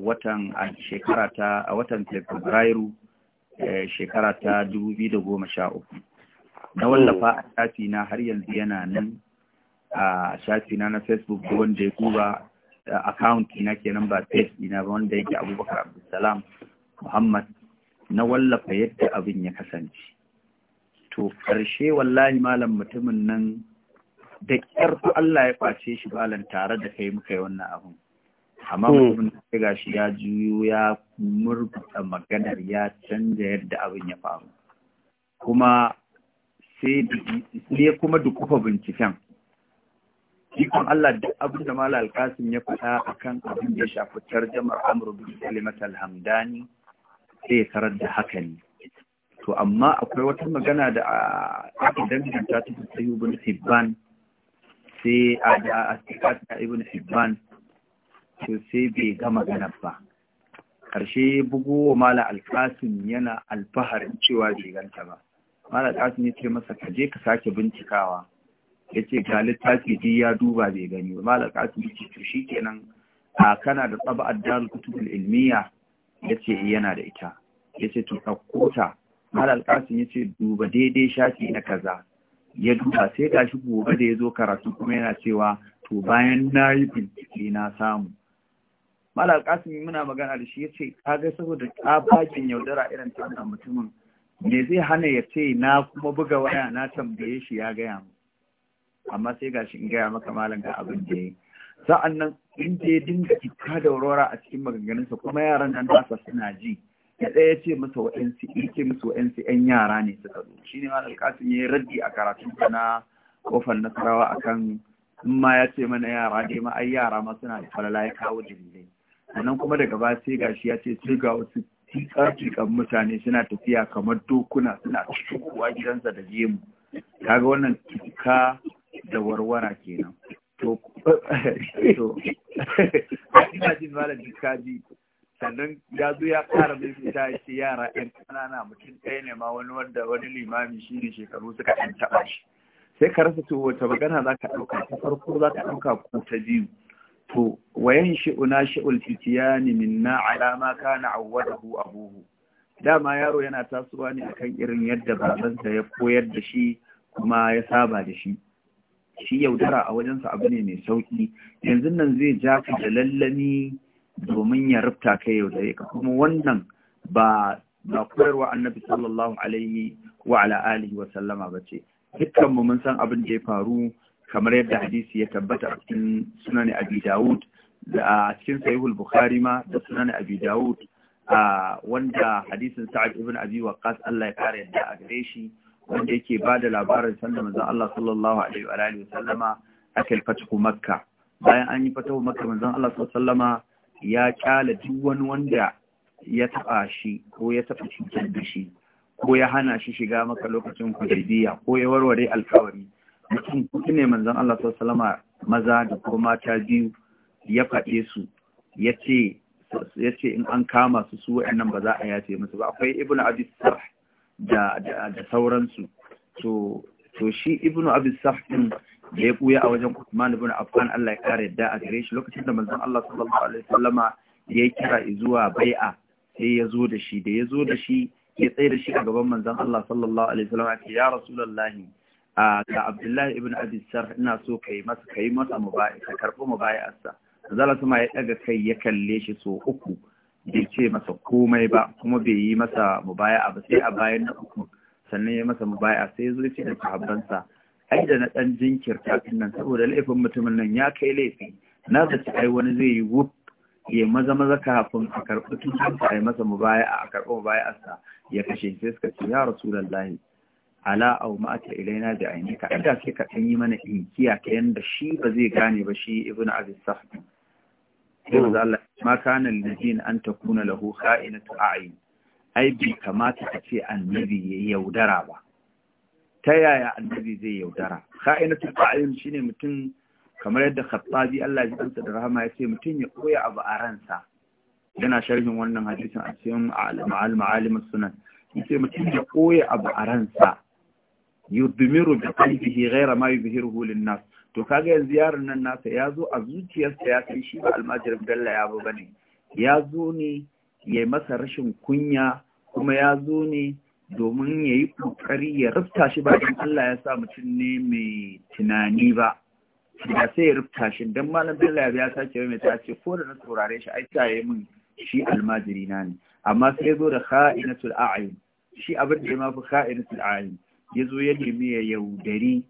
[SPEAKER 1] watan a shekara ta a watan Fabrairu eh, shekara ta 2013. Na wallafa a shafi na har yanzu yana nan a shafi na na Facebook wanda ya kuba account ina kenan ba page ina ba wanda yake abubakar abdulsalam muhammad na wallafa yadda abin ya kasance to ƙarshe wallahi malam mutumin nan da ƙyarfa Allah ya ƙwace shi balan tare da kai muka yi wannan abin amma hmm. mutumin da ga shi ya juyo ya murbuta maganar ya canja yadda abin ya faru kuma sai kuma dukufa binciken ikon Allah duk abin da Malam Alkasim ya faɗa akan abin da ya shafi tarjamar Amr bin Salimat al-Hamdani sai ya tarar da haka ne to amma akwai wata magana da aka danganta ta fi sai ibn Hibban sai a da a da ibn Hibban to sai bai ga magana ba karshe bugo Malam Alkasim yana alfaharin cewa bai ganta ba Malam Alkasim ya ce masa ka je ka sake bincikawa ya ce ga littafi ji ya duba bai gani ba kasu asibiti to shi kenan a kana da tsaba addal kutubul ilmiya ya ce eh, yana da ita ya ce to ɗauko ta malal ya ce duba daidai shafi na kaza ya duba sai gashi gobe da ya zo karatu kuma yana cewa to bayan na yi bincike na samu malal kasu muna magana da shi ya ce kaga saboda ƙabakin yaudara irin ta mutumin me zai hana ya ce na kuma buga waya na tambaye shi ya gaya mu amma sai gashi in gaya maka malam ga abin da yayi sa'annan in da ya dinga ikka da aurora a cikin maganganunsa kuma yaran nan nasa suna ji ya ɗaya ce masa wa'ansu ce masa wa'ansu 'yan yara ne suka zo shi ne malam kasin ya yi raddi a karatu na kofar nasarawa akan in ma ya ce mana yara dai ma ai yara ma suna da falala ya kawo dalilai sannan kuma daga baya sai gashi ya ce sai ga wasu tiƙa-tiƙan mutane suna tafiya kamar dokuna suna cikowa gidansa da gemu kaga wannan tuka da warwara kenan to to ina jin malam kaji sannan ya zo ya kara mai fita shi yara yan ƙanana mutum ɗaya ne ma wani wanda wani limami shi ne shekaru suka ɗan taɓa shi sai ka rasa to wata magana za ka ɗauka ta farko za ka ɗauka ko ta biyu to wayan na shi'ul fitiyani minna alama kana awwadahu abuhu dama yaro yana tasowa ne akan irin yadda babansa ya koyar da shi kuma ya saba da shi shi yaudara a wajensa abu ne mai sauƙi yanzu nan zai ja ka da lallami domin ya rufta ka yaudare ka kuma wannan ba ba koyarwa annabi sallallahu alaihi wa ala alihi wa sallama ba ce dukkan mu mun san abin da ya faru kamar yadda hadisi ya tabbata a cikin sunan abi da a cikin sahihul bukhari ma da sunan abi dawud wanda hadisin sa'ad ibn abi waqqas Allah ya kare yadda a gare shi wanda yake ba da labarin sanda manzan Allah sallallahu alaihi wa alihi sallama aka fatahu makka bayan an yi fatahu makka manzan Allah sallallahu ya kyala duk wani wanda ya taba shi ko ya taba shi da shi ko ya hana shi shiga maka lokacin hudaybiya ko ya warware alkawari mutum kuɗi ne manzan Allah sallallahu maza da kuma mata biyu ya faɗe su ya ce in an kama su su wa'annan ba za a yace musu ba akwai ibnu abi da da sauransu to to shi ibnu abi sahbin da ya buya a wajen Uthman ibn Affan Allah ya kare da a gare shi lokacin da manzon Allah sallallahu alaihi wasallama ya kira zuwa bai'a sai ya zo da shi da ya zo da shi ya tsaye da shi a gaban manzon Allah sallallahu alaihi wasallama ya ce ya rasulullahi ga Abdullahi ibn Abi Sarh ina so kai masa kai masa mubai ka karbo mubai'arsa zalla kuma ya daga kai ya kalle shi so uku bai ce masa komai ba kuma bai yi masa mubaya ba sai a bayan na uku sannan ya masa mubaya sai zo ce da sahabbansa ai da na dan jinkirta nan saboda laifin mutumin nan ya kai laifi na zaci ai wani zai yi wuf ya maza maza kafin a karɓi tutunsa a yi masa mubaya a karɓi mubaya'arsa ya kashe sai suka ce ya rasulallahi ala au ta ilaina da ainika inda sai ka yi mana inkiya ka yanda shi ba zai gane ba shi ibnu Aziz sai manzo Allah ma kana lil an takuna lahu kha'inatu a'yun ai bi kamata ka ce annabi ya yaudara ba ta yaya annabi zai yaudara kha'inatu a'yun shine mutum kamar yadda khattabi Allah ya tsanta da rahama ya ce mutum ya koya abu a ransa yana sharhin wannan hadisin a cikin al-ma'alim sunan yace mutum ya koya abu a ransa yudmiru bi qalbihi ghayra ma yuzhiruhu lin-nas to kaga yanzu ziyarar nan nasa ya zo a zuciyarsa ya san shi ba almajirin Bello ya ba bane ya zo ne ya masa rashin kunya kuma ya zo ne domin ya yi ƙoƙari ya rufta shi bayan Allah ya sa mutum ne mai tunani ba da sai ya rufta shi don malam Bello ya sace mai ta ce ko da na saurare shi ai ya yi min shi almajiri na ne amma sai ya zo da kha'inatul a'yun shi abin da ya mafi kha'inatul a'yun ya zo ya nemi ya yaudari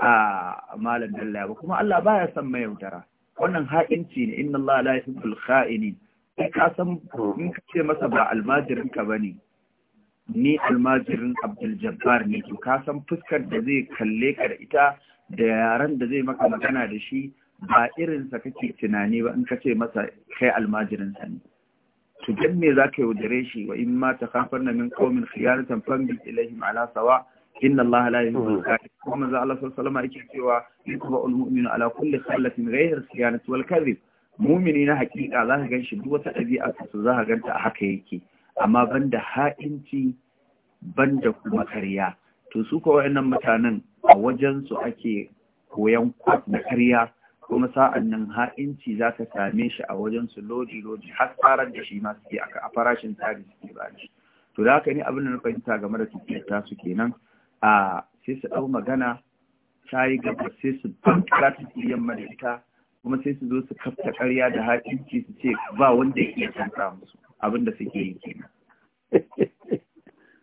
[SPEAKER 1] a malam dalla ba kuma Allah baya son mai yaudara wannan ha'inci ne inna Allah la yuhibbul kha'inin kai ka san in ka ce masa ba almajirin ka bane ni almajirin Abdul Jabbar ne to ka san fuskar da zai kalle ka da ita da yaran da zai maka magana da shi ba irin irinsa kake tunani ba in ka ce masa kai almajirin sa ne to dan me za yaudare shi wa in ma ta kafarna na min qaumin khiyaratan fambi ilaihim ala sawa inna Allah la yuhibbu mm-hmm. al kadhib kuma manzo Allah sallallahu alaihi wasallam yake cewa yutba al-mu'minu ala kulli khallatin ghayr siyanati wal kadhib mu'mini na hakika za ka ganshi duk wata dabi'a su za ka ganta a haka yake amma banda ha'inci banda kuma karya to su ko wayannan mutanen a wajen su ake koyan kwat na karya kuma sa'an nan ha'inci za ka same shi a wajen su loji loji har tsarar da shi ma suke a farashin tsari ba shi to da haka ni abin da na fahimta game da tafiyar su kenan a sai su ɗau magana ta yi gaba sai su bankara ta su yamma kuma sai su zo su kafta ƙarya da haƙinci su ce ba wanda ya iya tsantsa musu abin da suke yi kenan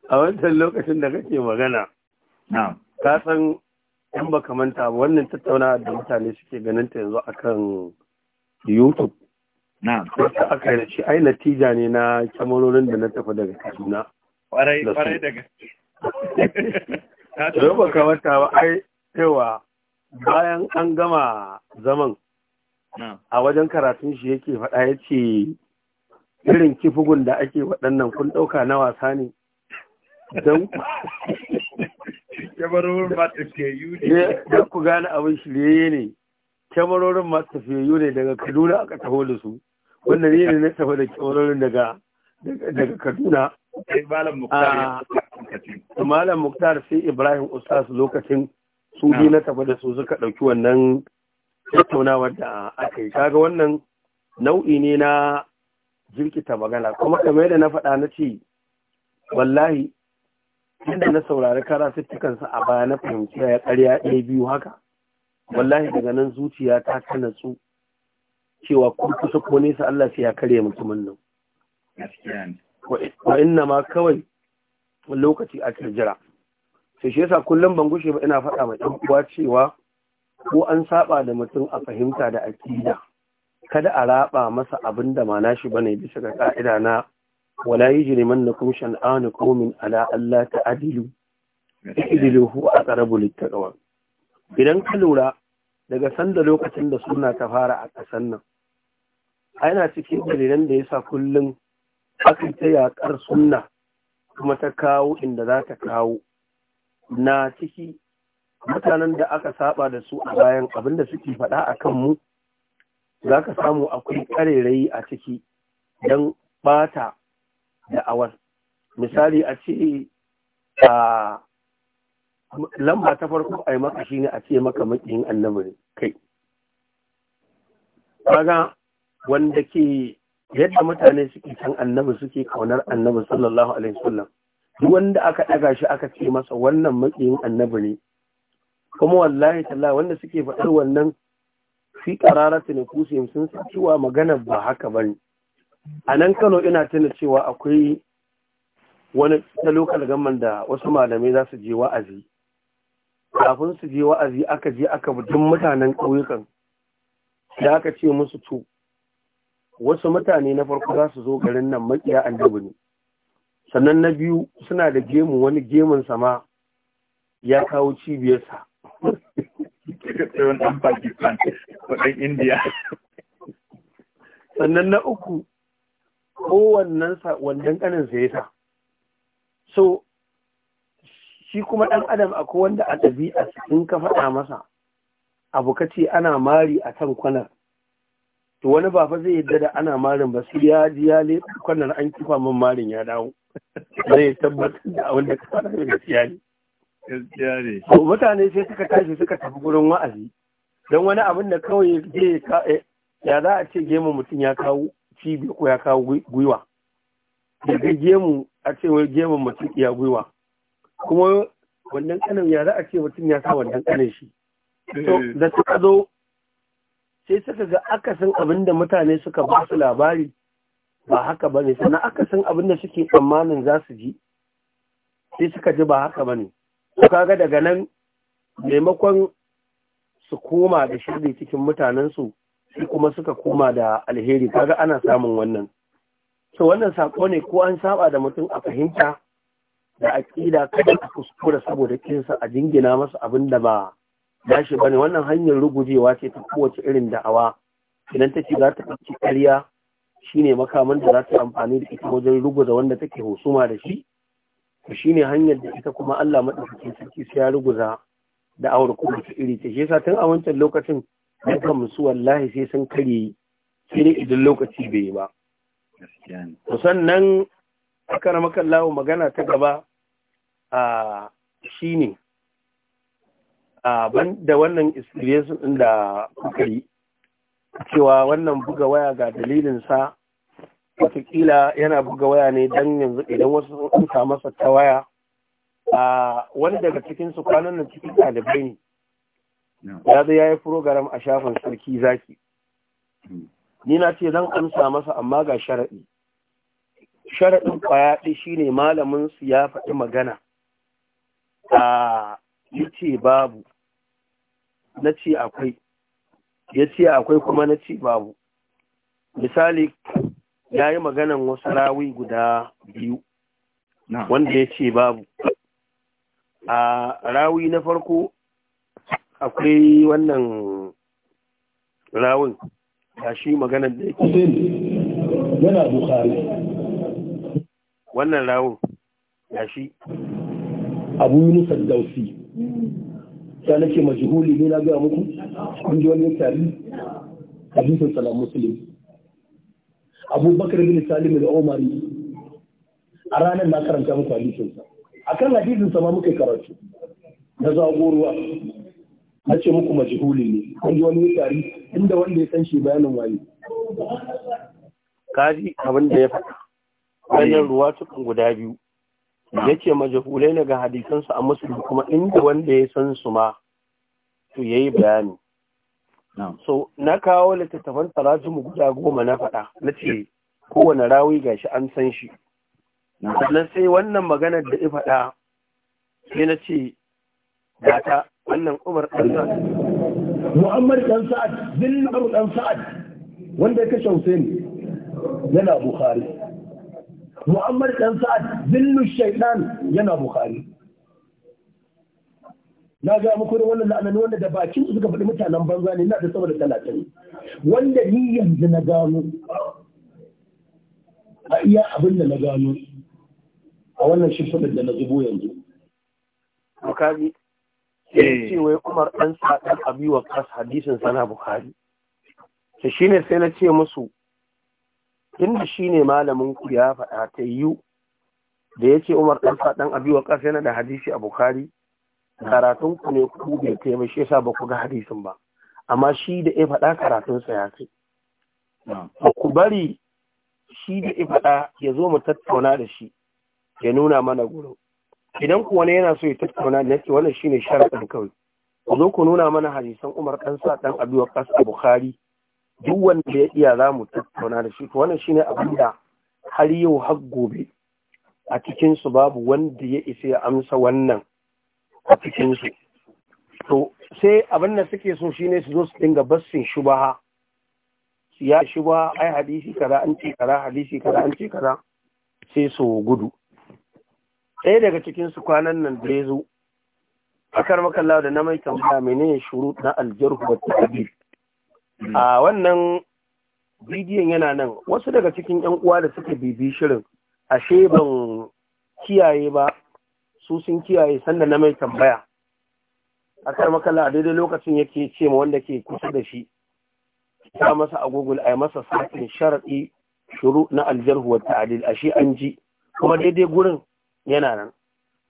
[SPEAKER 1] a wancan lokacin da kake magana ka san 'yan baka manta ba wannan tattauna da mutane suke ganin ta yanzu akan youtube na aka yi da shi ai natija ne na kyamarorin da na tafi daga kaduna kwarai da gaske Yau ba ka wata ba, ai, cewa bayan an gama zaman a wajen karatun shi yake faɗa ya ce irin kifugun da ake waɗannan kun ɗauka na wasa ne. Don kyamarorin matafiyayyu ne. Eh, don ku gane abin shiryayye ne, kyamarorin matafiyayyu ne daga Kaduna aka taho da su. Wannan ne na tafi da kyamarorin daga Kaduna. Malam Mukhtar ah, Malam Muktar sai Ibrahim Ustaz lokacin su ne na tafi da su suka ɗauki wannan tattaunawar da aka yi. Kaga wannan nau'i ne na jirkita magana. Kuma kamar yadda na faɗa na ce, wallahi, inda na saurari sa a baya na fahimci ya karya ɗaya biyu haka. Wallahi daga nan zuciya ta ta natsu cewa ko kusa ko nesa Allah sai ya karya mutumin
[SPEAKER 2] nan.
[SPEAKER 1] Wa inna ma kawai lokaci a kirjira sai shi yasa kullum ban gushe ba ina faɗa mai ɗan uwa cewa ko an saɓa da mutum a fahimta da aƙida kada a raɓa masa abin da ma ba ne bisa ga ƙa'ida na wala yajrimannakum shan'anu qaumin ala allah ta'dilu idilu huwa aqrabu littaqwa idan ka lura daga sanda lokacin da suna ta fara a ƙasan nan ana cikin dalilan da yasa kullum aka ta yaƙar sunna kuma ta kawo inda za ta kawo na ciki mutanen da aka saba da su a bayan abin da suke faɗa a kanmu za ka samu akwai ƙarerayi a ciki don ɓata da awar misali a ce a lamba ta farko a yi maka shine a ce maka makiyin annabi kai kaga wanda ke yadda mutane suke san annabi suke kaunar annabi sallallahu alaihi wasallam duk wanda aka daga shi aka ce masa wannan makiyin annabi ne kuma wallahi tallahi wanda suke faɗar wannan fi qararatu ne kusim sun san cewa magana ba haka bane a nan Kano ina tuna cewa akwai wani ta lokal gamman da wasu malamai za su je wa'azi kafin su je wa'azi aka je aka bi duk mutanen ƙauyukan da aka ce musu to wasu mutane na farko za su zo garin nan makiya annabi ne sannan na biyu suna da gemu wani gemun sama ya kawo cibiyarsa Sannan na uku, kowannen wannan kanin sa ya sa. So, shi kuma dan adam akwai wanda a ɗabi'a in ka faɗa masa, abu ka ana mari a kan kwanar, to wani ba fa zai yadda da ana marin ba sai ya ji ya le kwanan an kifa min marin ya dawo zai tabbatar da abin da ka fara gaskiya ne gaskiya ne to mutane sai suka tashi suka tafi gurin wa'azi don wani abin da kawai zai eh, ya za a ce gemu mutum ya kawo cibi ko ya kawo gwiwa daga gemu a ce wai gemun mutum ya gwiwa kuma wannan kanin ya za a ce mutum ya sa wannan kanin shi da suka zo sai suka ga akasin abin da mutane suka ba su labari ba haka ba ne sannan akasin abin da suke tsammanin za su ji sai suka ji ba haka ba ne kaga daga nan maimakon su koma da shirri cikin mutanensu sai kuma suka koma da alheri kaga ana samun wannan so wannan sako ne ko an saba da mutum a fahimta da aƙida kada a kuskura saboda kinsa a jingina masa abin da ba shi bane wannan hanyar rugujewa ce ta kowace irin da'awa idan ta ce za ta ɗauki ƙarya shine makaman da za ta amfani da ita wajen ruguza wanda take husuma da shi to shine hanyar da ita kuma Allah madaukakin sarki sai ya ruguza da'awar aure kuma ta iri ta shi yasa tun a wancan lokacin dukkan musu wallahi sai sun kare sai dai idan lokaci bai yi ba to sannan aka ramakan lawo magana ta gaba a shine a ban da wannan experience din da kuka yi cewa wannan buga waya ga dalilin sa watakila yana buga waya ne dan yanzu idan wasu sun amsa masa ta waya a wani daga cikin su kwanan nan cikin ɗalibai ne ya zai ya program a shafin sarki zaki ni na ce zan amsa masa amma ga sharaɗi sharaɗin kwaya ɗi shi ne malamin su ya faɗi magana a ce babu na ce akwai ya ce akwai kuma na ce babu misali ya yi maganan wasu rawi guda biyu wanda ya ce babu a rawi na farko akwai wannan rawin ga shi maganan da yake yana bukari wannan rawin ga shi abu yi al-dausi ta nake majihuli ne na gaya muku kun ji wani tari hadisin salam muslim abubakar bin salim da umari a ranar na karanta muku sa a kan hadisinsa ma muka karatu na zago ruwa na ce muku majihuli ne kun ji wani tari inda wanda ya san shi bayanin waye kaji abin da ya faɗa wannan ruwa cikin guda biyu yace majhulai ne ga hadisansu a musulun kuma inda wanda ya san su ma ya yi bayani so na kawo littattafan mu guda goma na faɗa na ce kowane rawi gashi an san shi na sai wannan maganar da ya faɗa sai na ce data wannan umar ɗan sa'ad muhammad ɗan sa'ad zillar ɗan sa'ad wanda ya kashe hussein yana bukhari muhammad dan sa'ad zillu shaitan yana bukhari na ga muku da wannan la'anani wanda da bakin su suka faɗi mutanen banza ne ina da sama da talatin wanda ni yanzu na gano a iya abin da na gano a wannan shimfiɗin da na zubo yanzu. Bukhari, sai ce wai Umar ɗan sa’ad abiwa kas hadisin sana Bukhari. Ta shi ne sai na ce musu Inda shi ne malamin ku ya faɗa ta yiwu da ya ce umar ɗan faɗan abi wa ƙasa yana da hadisi a bukari karatun ku ne ku bai kai ba shi yasa ba ku ga hadisin ba amma shi da ya faɗa karatun sa ya kai Ba ku bari shi da ya faɗa ya zo mu tattauna da shi ya nuna mana gurin idan ku wani yana so ya tattauna da shi wannan shine sharaɗin kawai ku zo ku nuna mana hadisan Umar ɗan sa ɗan Abi Waqqas a bukari duk wanda ya iya za mu tattauna da shi to wannan shine abin har yau har gobe a cikin su babu wanda ya isa ya amsa wannan a cikin su to sai abin da suke so shine su zo su dinga bassin shubaha ya shubaha ai hadisi kaza an ce kaza hadisi kaza an ce kaza sai su gudu ɗaya daga cikin su kwanan nan da ya zo akar makalla da na mai tambaya menene shuru na aljarhu wa ta'dil a mm. wannan bidiyon yana nan wasu daga cikin yan uwa da suka bibi shirin ashe ban kiyaye ba su sun kiyaye sanda na mai tambaya a makala a daidai lokacin yake ce ma wanda ke kusa da shi ta masa a google a yi masa sakin sharaɗi shuru na aljarhu wa ta'adil ashe an ji kuma daidai gurin yana nan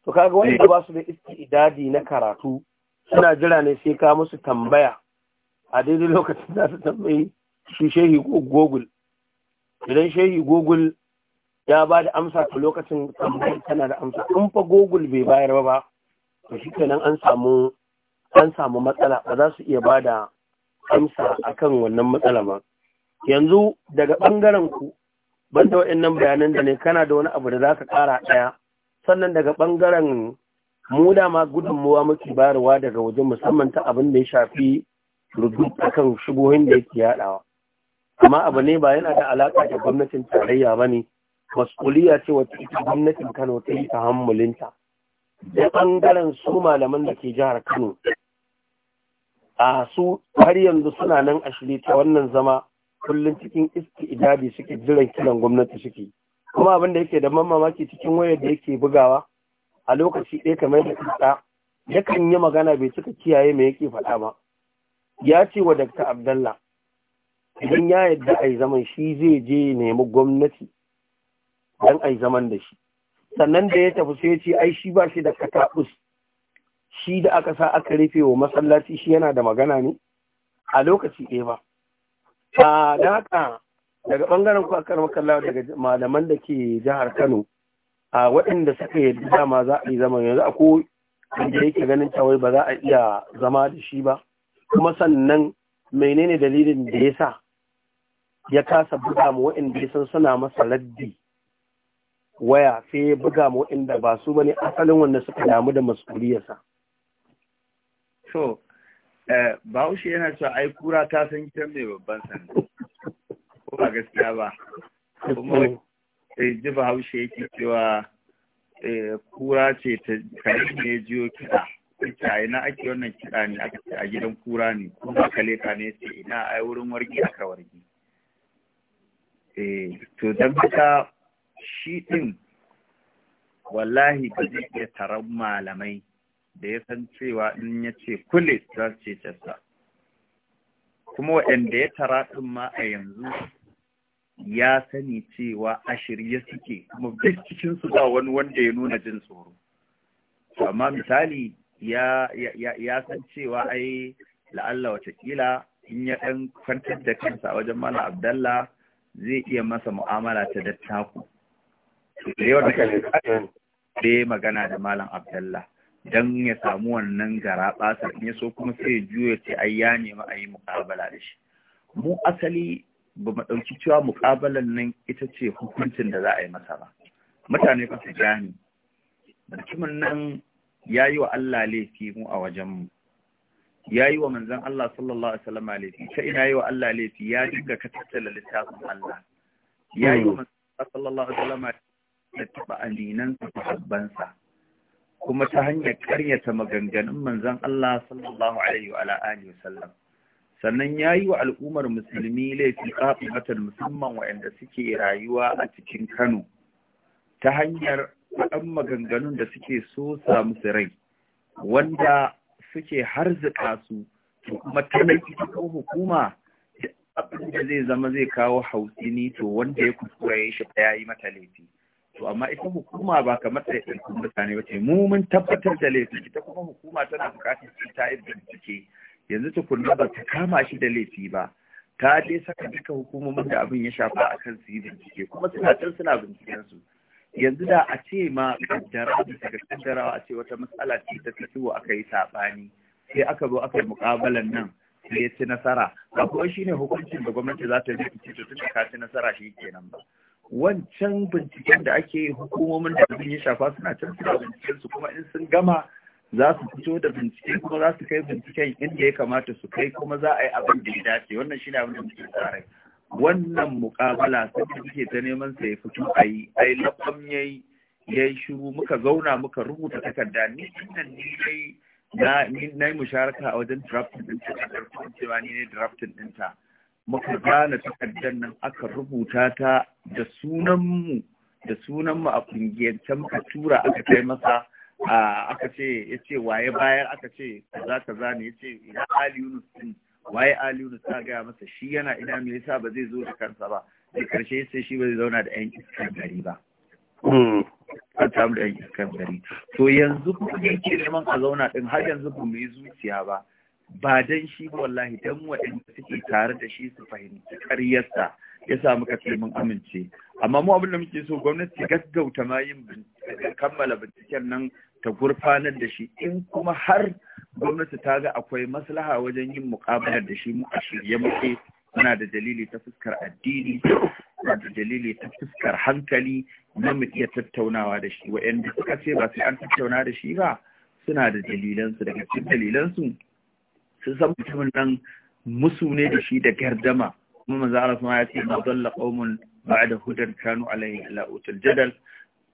[SPEAKER 1] to kaga wanda ba su da iski idadi na karatu suna jira ne sai ka musu tambaya a daidai lokacin za su tambayi shi shehi google idan shehi google ya ba da amsa a lokacin tambayar tana da amsa in fa google bai bayar ba to shi kenan an samu an samu matsala ba za su iya ba da amsa a kan wannan matsala ba yanzu daga ɓangaren ku ban da waɗannan bayanan da ne kana da wani abu da za ka ƙara ɗaya sannan daga ɓangaren mu dama gudunmuwa muke bayarwa daga wajen musamman ta abin da ya shafi rudu akan shigohin da yake yaɗawa. amma abu ne ba yana da alaka da gwamnatin tarayya ba ne masuliya ce wacce ita gwamnatin kano ta yi ta hammulinta da bangaren su malaman da ke jihar kano a su har yanzu suna nan a shirye ta wannan zama kullum cikin iski idadi suke jiran kiran gwamnati suke kuma abin da yake da mamaki cikin wayar da yake bugawa a lokaci ɗaya kamar da yakan yi magana bai cika kiyaye mai yake faɗa ba ya ce wa Dr. Abdallah idan ya yadda a yi zaman shi zai je nemi gwamnati don a zaman da shi sannan da ya tafi sai ce ai shi ba shi da katabus shi da aka sa aka rufe wa masallaci shi yana da magana ne a lokaci ɗaya ba a da haka daga ɓangaren kwakar makalla daga malaman da ke jihar kano a waɗanda suka yadda dama za a yi zaman yanzu a ko inda yake ganin cewa ba za a iya zama da shi ba kuma sannan menene dalilin da ya sa ya kasa buga mu waɗanda ya san suna masa raddi waya sai ya buga mu waɗanda ba su bane asalin wanda suka damu da masuliyarsa So, eh, bahaushe yana cewa ai kura ta san mai babban sanda ko ba gaskiya ba kuma mm-hmm. ji bahaushe yake cewa eh, kura ce ta kai ne jiyo kiɗa A ina ake wannan kiɗa ne aka ce a gidan kura ne ko ba ka leka ne sai ina ai wurin wargi aka wargi eh to dan haka shi din wallahi ba zai iya taron malamai da ya san cewa in ya ce kule za su ce cessa kuma waɗanda ya tara ɗin ma a yanzu ya sani cewa a shirye suke kuma duk cikinsu ba wani wanda ya nuna jin tsoro amma misali ya ya san cewa ai la'alla watakila in ya ɗan kwantar da kansa wajen mala abdalla zai iya masa mu'amala ta dattaku da yawan da ya magana da malam abdalla don ya samu wannan gara basar in ya so kuma sai ya juya ce ai ya nemi a yi muƙabala da shi mu asali ba mu ɗauki cewa mukabalan nan ita ce hukuncin da za a yi masa ba mutane ba su gane mutumin nan ya yi wa Allah laifi mu a wajenmu ya yi wa manzan Allah sallallahu Alaihi wasallama laifi ta ina yi wa Allah laifi ya dinga ka tattala littafin Allah ya yi wa hmm. manzan sallallahu Alaihi wasallama da taɓa aminansa da habbansa kuma ta hanyar karyata maganganun manzan Allah sallallahu Alaihi wa alihi wasallam sannan ya yi wa al'ummar musulmi laifin ƙafimatar musamman waɗanda suke rayuwa a cikin Kano ta hanyar faɗan maganganun da suke so samu su rai wanda suke harzuka su to kuma tanar ko hukuma abin da zai zama zai kawo hausini to wanda ya kuskura ya shi ya yi mata laifi to amma ita hukuma ba kamar ta ɗaukar mutane ba ce mu mun tabbatar da laifi ita kuma hukuma tana bukatar su ta yi bincike yanzu tukunna ba ta kama shi da laifi ba ta dai saka duka hukumomin da abin ya shafa a kan su yi bincike kuma suna can suna binciken su yanzu da a ce ma kaddara bisa kaddarawa a ce wata matsala ce ta fito aka yi saɓani sai aka zo aka yi mukabalan nan sai ya ci nasara ba shi shine hukuncin da gwamnati za ta yi rikici to tun da ka ci nasara shi nan ba wancan binciken da ake yi hukumomin da sun yi shafa suna can suna binciken su kuma in sun gama za su fito da bincike kuma za su kai binciken inda ya kamata su kai kuma za a yi abin da ya dace wannan shine abin da muke tsara wannan mukabala sai kuke ta neman sa ya fito a yi ai lakon ya yi shiru muka zauna muka rubuta takarda ni nan ni dai na na yi musharaka a wajen drafting din takardar kuma cewa ni ne drafting din ta muka gane takardar nan aka rubuta ta da sunan mu da sunan mu a kungiyance muka tura aka kai masa aka ce ya ce waye bayar aka ce za ka ne ya ce ina Ali Yunus din waye Ali da ta gaya masa shi yana ina me yasa ba zai zo da kansa ba da karshe sai shi ba zai zauna da yan iskan gari ba hmm. an samu da yan iskan gari to yanzu kuma yake neman a zauna din har yanzu ba mu yi zuciya ba ba dan shi ba wallahi dan waɗanda suke tare da shi su fahimci karyarsa. yasa muka ce mun amince amma mu abin da muke so gwamnati gaggauta ma yin kammala binciken nan ta gurfanar da shi in kuma har gwamnati ta ga akwai maslaha wajen yin muƙabalar da shi mu a shirye muke muna da dalili ta fuskar addini muna da dalili ta fuskar hankali na mu iya tattaunawa da shi wa'anda suka ce ba sai an tattauna da shi ba suna da dalilansu daga cikin dalilansu sun san mutumin nan musu ne da shi da gardama kuma manzo Allah kuma ya ce ma dalla ba da hudan kanu alaihi ala utul jadal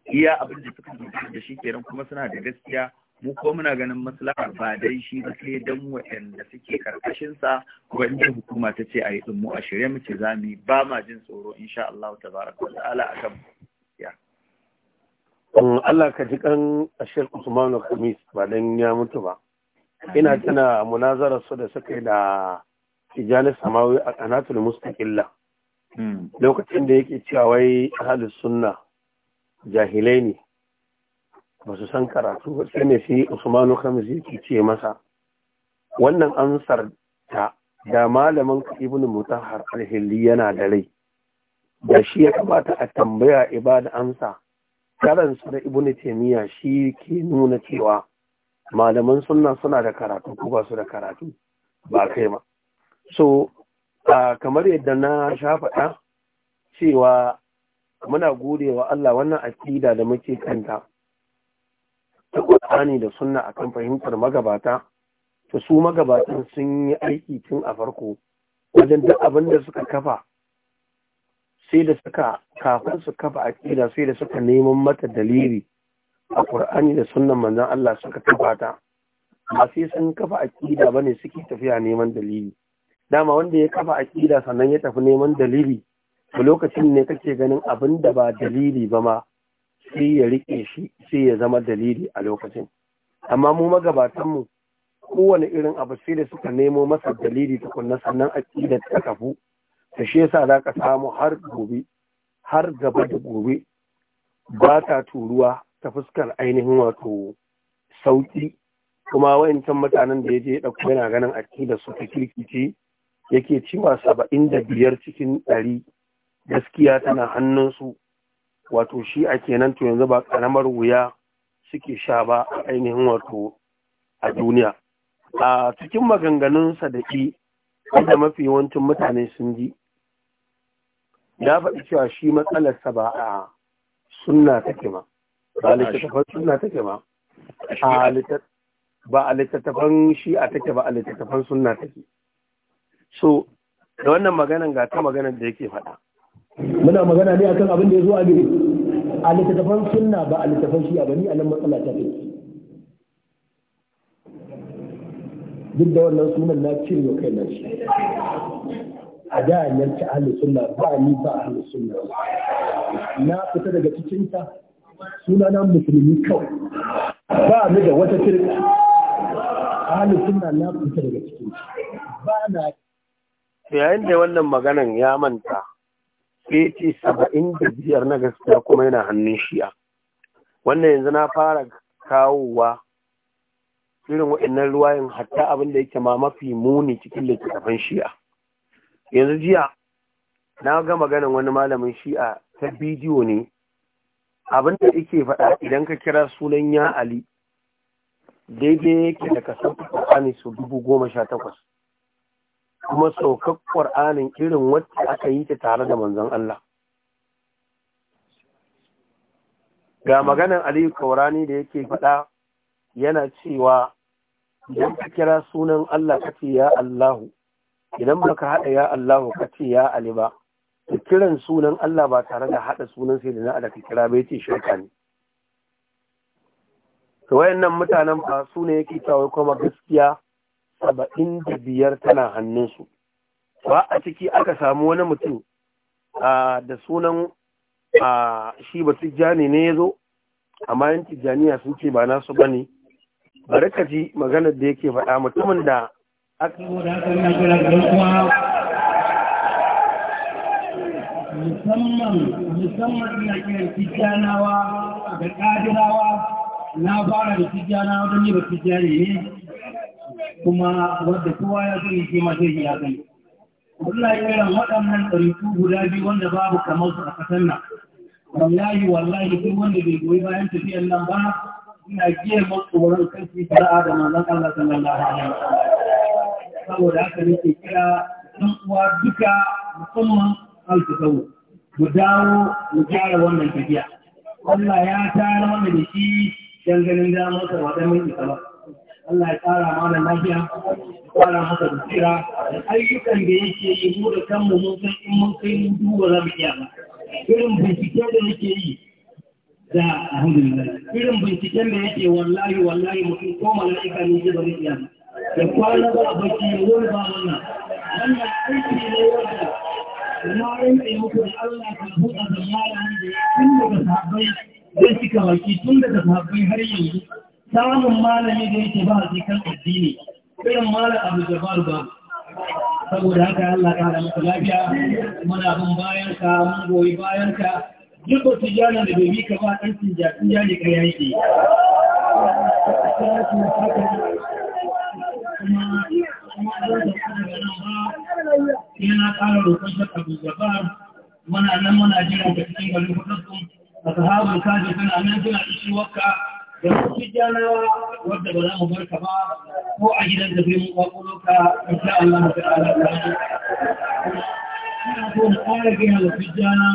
[SPEAKER 1] iya abin da suka yi da shi kenan kuma suna da gaskiya mu ko muna ganin maslaha ba dai shi ba sai dan waɗanda suke karkashin sa wanda hukuma ta ce a yi mu a shirye muke za mu ba ma jin tsoro insha Allah tabaraka wa ta'ala akan ya um, Allah ka ji kan Ashir Usmanu Khamis ba dan ya mutu ba ina tana munazara su da suka yi da tijani samawi a kanatul mustaqilla hmm. lokacin da yake cewa wai ahlus sunna jahilai ne ba su san karatu ba sai ne sai Usmanu Khamis yake ce masa wannan amsar ta da malamin Ibn Mutahhar al-Hilli yana da rai da shi ya kamata a tambaya ibada amsa karansu da Ibn Taymiyyah shi ke nuna cewa malaman sunna suna da karatu ko ba su da karatu ba kai ma so kamar yadda na sha faɗa cewa muna gode wa Allah wannan aƙida da muke kanta ta Qur'ani da sunna akan fahimtar magabata to su magabatan sun yi aiki tun a farko wajen duk abin da suka kafa sai da suka kafin su kafa aƙida sai da suka neman mata dalili a Qur'ani da sunnan manzon Allah suka kafa ta ba sai sun kafa aƙida bane suke tafiya neman dalili dama wanda ya kafa akida sannan ya tafi neman dalili to lokacin ne kake ganin abin da ba dalili ba ma sai ya riƙe shi sai ya zama dalili a lokacin amma mu magabatan mu kowane irin abu sai da suka nemo masa dalili ta kunna sannan akida ta kafu ta shi yasa za ka samu har gobe har gaba da gobe ba ta turuwa ta fuskar ainihin wato sauki kuma wayancan mutanen da ya je ɗauko yana ganin aƙida su ta kirkice yake cewa saba'in da biyar cikin ɗari gaskiya tana hannunsu wato shi a kenan to yanzu ba ƙaramar wuya suke sha ba a ainihin wato a duniya a cikin maganganunsa da ƙi da mafi yawancin mutane sun ji ya faɗi cewa shi matsalarsa ba a sunna take ma ba littattafan sunna take ma ba a littattafan shi a take ba a littattafan sunna take so da wannan maganan ga ta maganan da yake faɗa muna magana ne akan abin da ya zo a gari a littattafan sunna ba a littattafan shi ba ni a nan matsala ta fi duk da wannan sunan na cire kai na shi a da yan ci ahli sunna ba ni ba ahli sunna na fita daga cikin ta suna na musulmi kawai ba ni da wata kirka. ahli sunna na fita daga cikin ba na yayin da wannan maganan ya manta sai saba'in da biyar na gaskiya kuma yana hannun shi'a wannan yanzu na fara kawowa irin waɗannan ruwayin hatta abin da yake ma mafi muni cikin littattafan shi'a yanzu jiya na ga maganan wani malamin shi'a ta bidiyo ne abin da yake faɗa idan ka kira sunan ya ali daidai yake da kasar ƙasani su dubu goma sha takwas kuma saukar ƙwar'anin irin wacce aka yi ta tare da manzon Allah ga maganan Aliyu Kaurani da yake faɗa yana cewa idan ka kira sunan Allah ka ce ya Allahu idan baka haɗa ya Allahu ka ce ya Ali ba da kiran sunan Allah ba tare da haɗa sunan sai da na da ka kira bai ce shirka ne to wayannan mutanen ba su ne yake cewa kuma gaskiya saba'in da biyar tana hannunsu ba a ciki aka samu wani mutum da sunan shi ba tijjani ne ya zo amma yan tijjaniya sun ce ba nasu ba ne bari ka ji maganar da yake faɗa mutumin da
[SPEAKER 2] aka musamman
[SPEAKER 1] musamman ina kiran tijjanawa da ƙadirawa na fara da tijjanawa don yi ba tijjani ne kuma wadda kowa ya sani shi ma zai ya sani wallahi irin waɗannan ɗariku guda biyu wanda babu kamar su a ƙasar nan wallahi wallahi duk wanda bai goyi bayan tafiyar nan ba ina jiya matsoron kashi fara'a da manzon Allah sallallahu alaihi wasallam saboda haka nake kira ɗan uwa duka musamman alfutawo mu dawo mu gyara wannan tafiya Allah ya tara mana da shi dangane da masa waɗannan isa ba. Allah ya tsara mana lafiya ya tsara masa tsira, da ayyukan da yake yi mu da kanmu mun san in mun kai mu duba za mu iya ba irin binciken da yake yi da alhamdulillah irin binciken da yake wallahi wallahi mutum ko mala'ika ne zai bari iya da kwana ba a baki wani ba wannan wannan aiki ne wanda na yi muku da Allah ka buɗa da yaran da ya tun daga sahabbai zai cika baki tun daga sahabbai har yanzu samun malami da yake ba zikan addini irin malam abu jabar ba saboda haka Allah ƙara maka lafiya muna bin bayan ka mun goyi bayan ka duk wata jana da bai ka ba ɗan tinja tinja ne ka yaki yana ƙara roƙon shakka abu jabar muna nan muna jiran ka cikin garin kudin a sahabar kaji kana nan jira ishi
[SPEAKER 2] wakka da wasu janawa wadda ba za mu barka ba ko a gidan da bai mu kwakwalo ka insha Allah mu ga Allah ta ina so mu ƙara gina da fijjana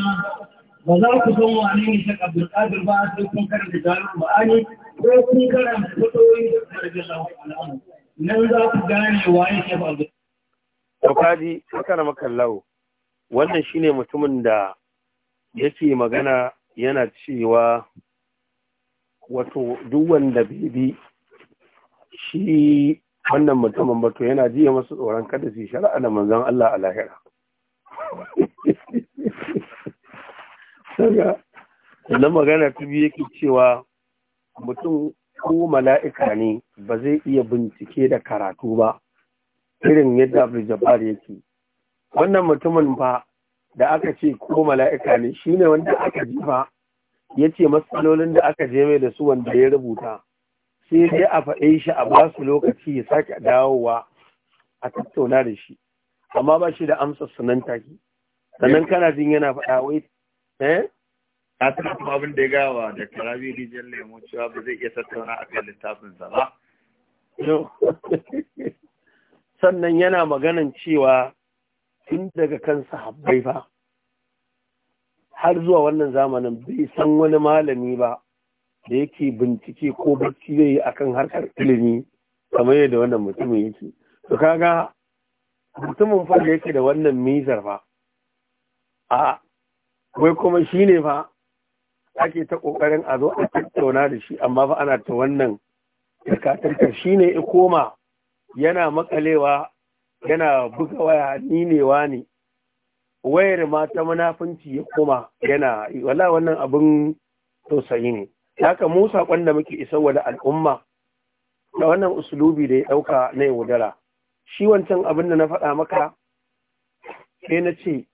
[SPEAKER 2] ba za ku san wane ne shek abdulkadir ba sai kun karanta jarin ba'ani ko kun karanta fatoyin da karfi Allah al'amu
[SPEAKER 1] nan za ku gane waye ba abdulkadir to kaji kana makallau wannan shine mutumin da yake magana yana cewa wato duk wanda bai bi shi wannan mutumin ba to yana jiya masu tsoron kada su shari'a da manzon Allah a lahira saga na magana ta biyu yake cewa mutum ko mala'ika ne ba zai iya bincike da karatu ba irin yadda abu jabar yake wannan mutumin ba da aka ce ko mala'ika ne shi ne wanda aka jifa ya ce matsalolin da aka je mai da su wanda ya rubuta sai dai a faɗe shi a ba su lokaci ya sake dawowa a tattauna da shi amma ba shi da amsa sunan take sannan kana jin yana faɗa wai eh a san abin da ya gawa da karabi rijiyar lemo cewa ba zai iya tattauna a kan littafinsa ba sannan yana maganan cewa tun daga kansa sahabbai fa har zuwa wannan zamanin bai san wani malami ba da yake bincike ko bacci zai yi akan harkar ilimi kamar yadda wannan mutumin yake to kaga mutumin fa da yake da wannan misar fa a wai kuma shi ne fa ake ta kokarin a zo a tattauna da shi amma fa ana ta wannan tarkatarkar shi ne ya koma yana makalewa yana buga waya ni ne wa ne wayar ma ta munafunci ya koma yana wala wannan abin tausayi ne haka mu saƙon da muke isa wa da al'umma da wannan usulubi da ya ɗauka na yaudara shi wancan abin da na faɗa maka ke na ce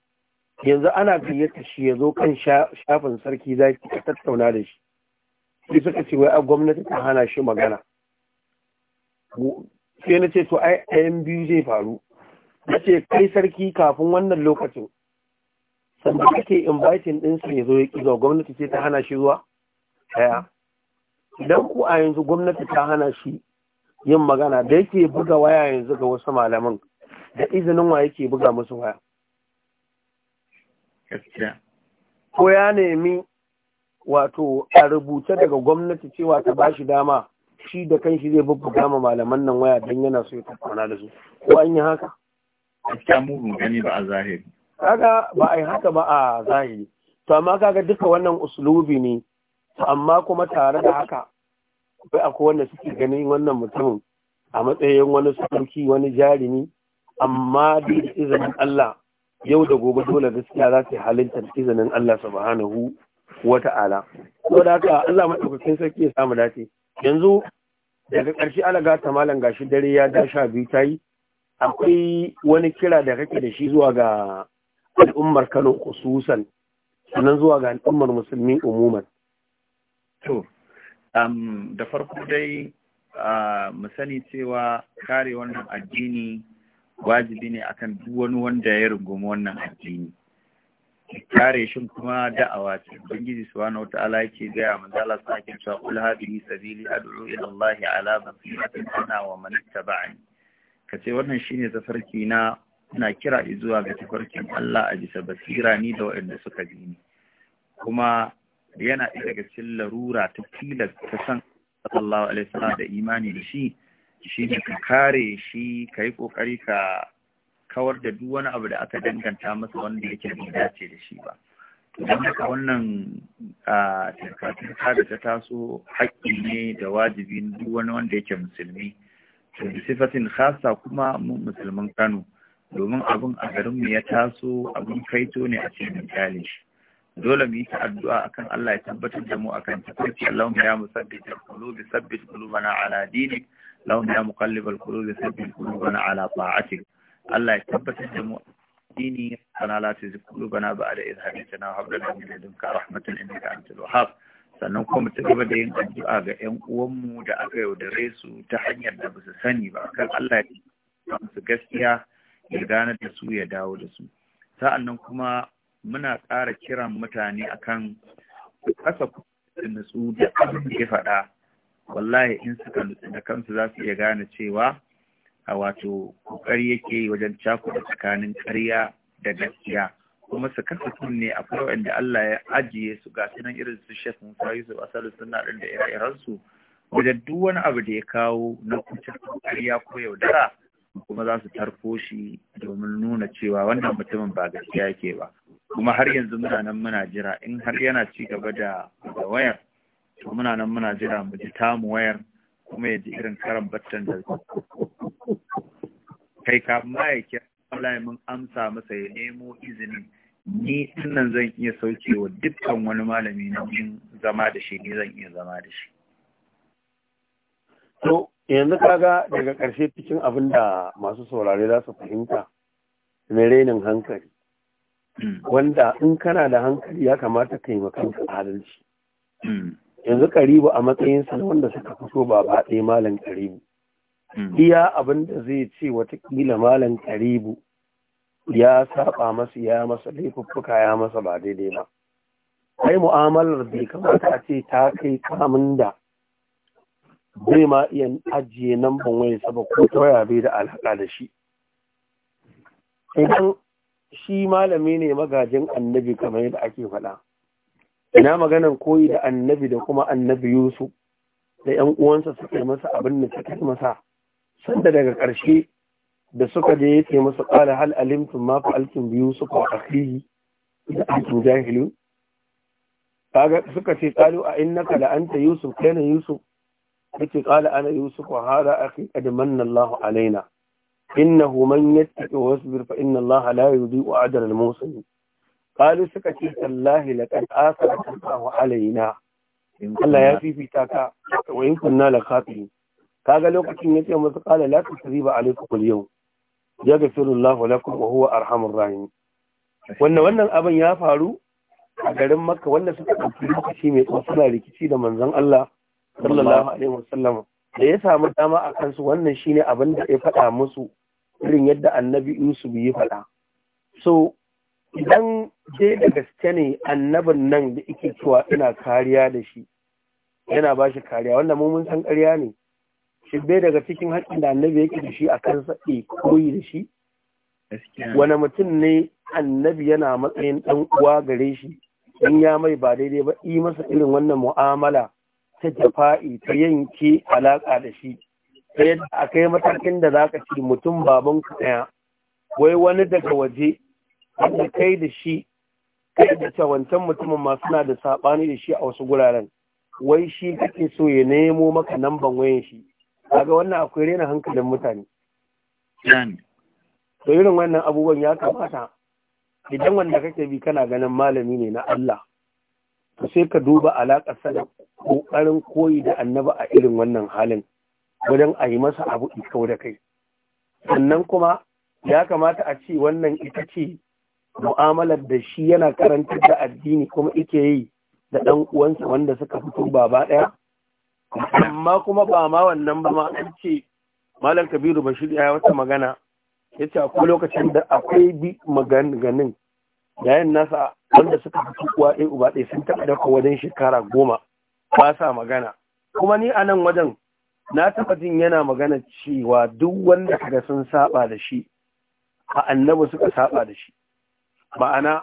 [SPEAKER 1] yanzu ana gayyata shi ya zo kan shafin sarki zaki a tattauna da shi shi suka ce wai a gwamnati ta hana shi magana sai na ce to ai ayan biyu zai faru na ce kai sarki kafin wannan lokacin sanda kake inviting ɗinsu ya zo ya kizo gwamnati ce ta hana shi zuwa ɗaya idan ku a yanzu gwamnati ta hana shi yin magana da yake buga waya yanzu ga wasu malaman da izinin wa yake buga musu waya ko ya nemi wato a rubuta daga gwamnati cewa ta ba shi dama shi da kanshi zai bubbuga ma malaman nan waya don yana so ya tattauna da su ko an yi haka gaskiya mu gani ba a zahiri kaga ba a yi haka ba a zahiri to amma kaga duka wannan uslubi ne amma kuma tare da haka akwai akwai wanda suke ganin wannan mutumin a matsayin wani sarki wani jarumi amma izinin Allah yau da gobe dole gaskiya za ta halinta da izinin Allah subhanahu wa ta'ala da haka Allah madaukakin sarki ya samu dace yanzu daga ƙarshe alaga lagata malam gashi dare ya da sha biyu ta yi. akwai wani kira da kake da shi zuwa ga al'ummar Kano kususan sannan zuwa ga al'ummar musulmi umuman to da farko dai uh, mu sani cewa kare wannan addini wajibi ne akan duk wani wanda ya rungumi wannan addini kare shin kuma da'awa ce ubangiji wata ala yake ga ya manzo Allah sake cewa qul hadhihi sabili ad'u ila Allah ala basiratin ana wa man ittaba'ani ka ce wannan shine tafarki na ina kira izuwa ga tafarkin Allah a bisa basira ni da waɗanda suka bi ni kuma yana ɗaya daga cikin larura ta tilas ta san sallallahu alaihi wasallam da imani da shi shi ne ka kare shi ka yi kokari ka kawar da duk wani abu da aka danganta masa wanda yake bai dace da shi ba don haka wannan a tarkatarka da ta taso haƙƙi ne da wajibi duk wani wanda yake musulmi sifatin khasa kuma musulman Kano domin abin a garinmu ya taso abin kaito ne a cikin kyale dole mu yi ta addu'a akan Allah ya tabbatar da mu akan tafarki Allahumma ya musabbit al-qulubi sabbit qulubana ala dinik Allahumma ya muqallib al-qulubi sabbit qulubana ala ta'atik Allah ya tabbatar da mu dini sana la tuzigh qulubana ba'da idh hadaytana wa hab lana min ladunka rahmatan innaka antal wahhab sannan kuma ta gaba da yin addu'a ga 'yan uwanmu da aka yaudare su ta hanyar da ba su sani ba kan Allah ya su gaskiya ya gane da su ya dawo da su sa'annan kuma muna ƙara kiran mutane akan kasa nutsu da abin da ya faɗa wallahi in suka nutsu da kansu za su iya gane cewa a wato ƙoƙari yake wajen cakuɗa tsakanin ƙarya da gaskiya kuma su kasa a akwai da Allah ya ajiye su ga sunan irin su Sheikh Musa Yusuf Asalu suna ɗin da ire-iren su wajen duk wani abu da ya kawo na kucin ƙarya ko yaudara kuma za su tarko shi domin nuna cewa wannan mutumin ba gaskiya yake ba kuma har yanzu muna nan muna jira in har yana ci gaba da wayar to muna nan muna jira mu ji tamu wayar kuma ya ji irin karan battan da kai kafin ma wallahi mun amsa masa ya nemo izini. ni nan zan iya saukewa dukkan wani malami na mun zama da shi ne zan iya zama da shi to yanzu kaga daga ƙarshe cikin abin da masu saurare za su fahimta na renin hankali hmm. wanda in kana da hankali ya kamata ka yi kanka adalci hmm. yanzu karibu a matsayinsa na wanda suka fito ba ba ɗaya malam karibu hmm. iya abin da zai ce watakila malam karibu ya saba masa ya masa laifuffuka ya masa ba daidai ba ai mu'amalar bai kamata a ce ta kai kamun da zai ma iya ajiye ban wani saba ko ta bai da alhaka da shi idan shi malami ne magajin annabi kamar yadda ake faɗa ina maganan koyi da annabi da kuma annabi yusuf da yan uwansa suke masa abin da suke masa sanda daga ƙarshe da suka je ya ce musu qala hal alimtum ma fa'altum bi yusuf wa akhihi da antum jahilu? kaga suka ce qalu a innaka la anta yusuf kana yusuf yake qala ana yusuf wa hada akhi qad manna Allah alaina innahu man yattaqi wa yasbir fa inna Allah la yudhi'u ajra al-muhsinin qalu suka ce tallahi laqad asaraka Allah alaina Allah ya fifita ka wa in kunna la khafi kaga lokacin yace musu qala la tusriba alaykum al-yawm yaghfirullahu lakum wa huwa arhamur rahim wannan wannan abin ya faru a garin Makka wanda suka ɗauki lokaci mai tsawo suna rikici da manzon Allah
[SPEAKER 2] sallallahu alaihi
[SPEAKER 1] wasallam da ya samu dama a kansu wannan shine abin da ya faɗa musu irin yadda annabi Yusuf ya faɗa so idan ke da gaske ne annabin nan da yake cewa ina kariya da shi yana ba shi kariya wanda mu mun san ƙarya ne shi bai daga cikin haƙƙin da annabi yake da shi a kan saɗi koyi da shi wani mutum ne annabi yana matsayin ɗan uwa gare shi in ya mai ba daidai ba yi masa irin wannan mu'amala ta jafa'i ta yanke alaƙa da shi ta yadda a kai matakin da zaka ci mutum baban ku ɗaya wai wani daga waje wanda kai da shi kai da wancan mutumin ma suna da saɓani da shi a wasu guraren wai shi kake so ya nemo maka namban wayan shi kaga wannan akwai rena hankalin mutane to irin wannan abubuwan ya kamata idan wanda kake bi kana ganin malami ne na Allah to sai ka duba alaƙar sa da ƙoƙarin koyi da annaba a irin wannan halin wajen a yi masa abu ikau da kai sannan kuma ya kamata a ce wannan ita ce mu'amalar da shi yana karantar da addini kuma ike yi da ɗan uwansa wanda suka fito baba ɗaya amma kuma ba ma wannan ba ma an ce malam kabiru bashir ya wata magana ya ce akwai lokacin da akwai bi maganin yayin nasa wanda suka fi kuwa ɗaya uba ɗaya sun taɓa daga wajen shekara goma ba sa magana kuma ni a nan wajen na taɓa jin yana magana cewa duk wanda kaga sun saba da shi a annabi suka saba da shi ma'ana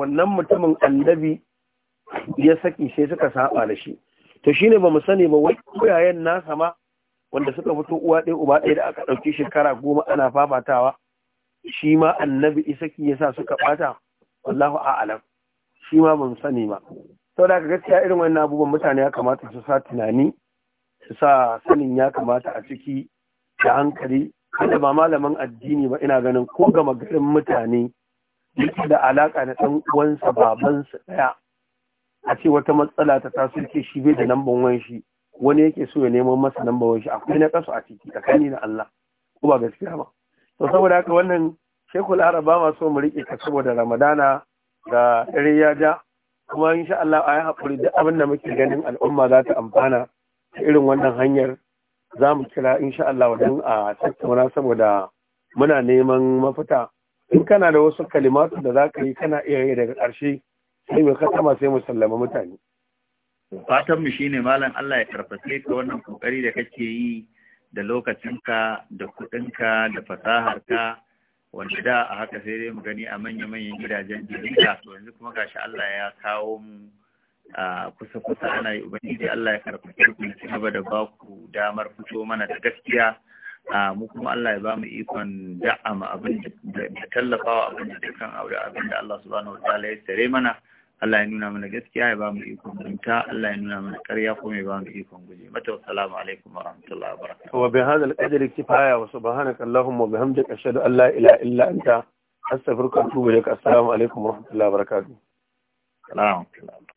[SPEAKER 1] wannan mutumin annabi ya saki sai suka saba da shi to shine ba mu sani ba wai koyayen nasa ma wanda suka fito uwa ɗaya uba ɗaya da aka ɗauki shekara goma ana fafatawa shi ma annabi ya sa suka bata wallahu a'lam shi ma ba mu sani ba sau da gaskiya irin wannan abubuwan mutane ya kamata su sa tunani su sa sanin ya kamata a ciki da hankali kada ba malaman addini ba ina ganin ko gama garin mutane yake da alaka na ɗan uwansa babansa ɗaya a ce wata matsala ta taso ce shi bai da lambar wanshi. shi wani yake so ya neman masa lambar wayan shi akwai na kasu a ciki tsakani da Allah ko ba gaskiya ba to saboda haka wannan shekul araba ma so mu rike ka saboda ramadana da dare ya ja kuma insha Allah a yi hakuri da abin da muke ganin al'umma za ta amfana ta irin wannan hanyar za mu kira insha Allah wajen a tattauna saboda muna neman mafita in kana da wasu kalimatu da za ka yi kana iya yi daga ƙarshe sai mai katama sai mu mutane fatan mu shine malam Allah ya karfafe ka wannan kokari da kake yi da lokacinka da kudinka da fasaharka wanda da a haka sai dai mu gani a manya-manyan gidajen jirgin to yanzu kuma gashi Allah ya kawo mu a kusa-kusa ana yi ubangiji Allah ya karfafe ku ci gaba da ba ku damar fito mana da gaskiya a mu kuma Allah ya ba mu ikon mu abin da tallafawa abin da dukkan aure abin da Allah subhanahu wa ta'ala ya tare mana Allah ya nuna mana gaskiya ya ba mu ikon binta Allah ya nuna mana ƙarya kuma ya ba mu ikon guje mata wassalamu alaikum warahmatullahi wabarakatuh wa bihadha alqadri kifaya wa subhanaka allahumma wa bihamdika ashhadu an la ilaha illa anta astaghfiruka wa atubu ilaik assalamu alaikum warahmatullahi
[SPEAKER 2] wabarakatuh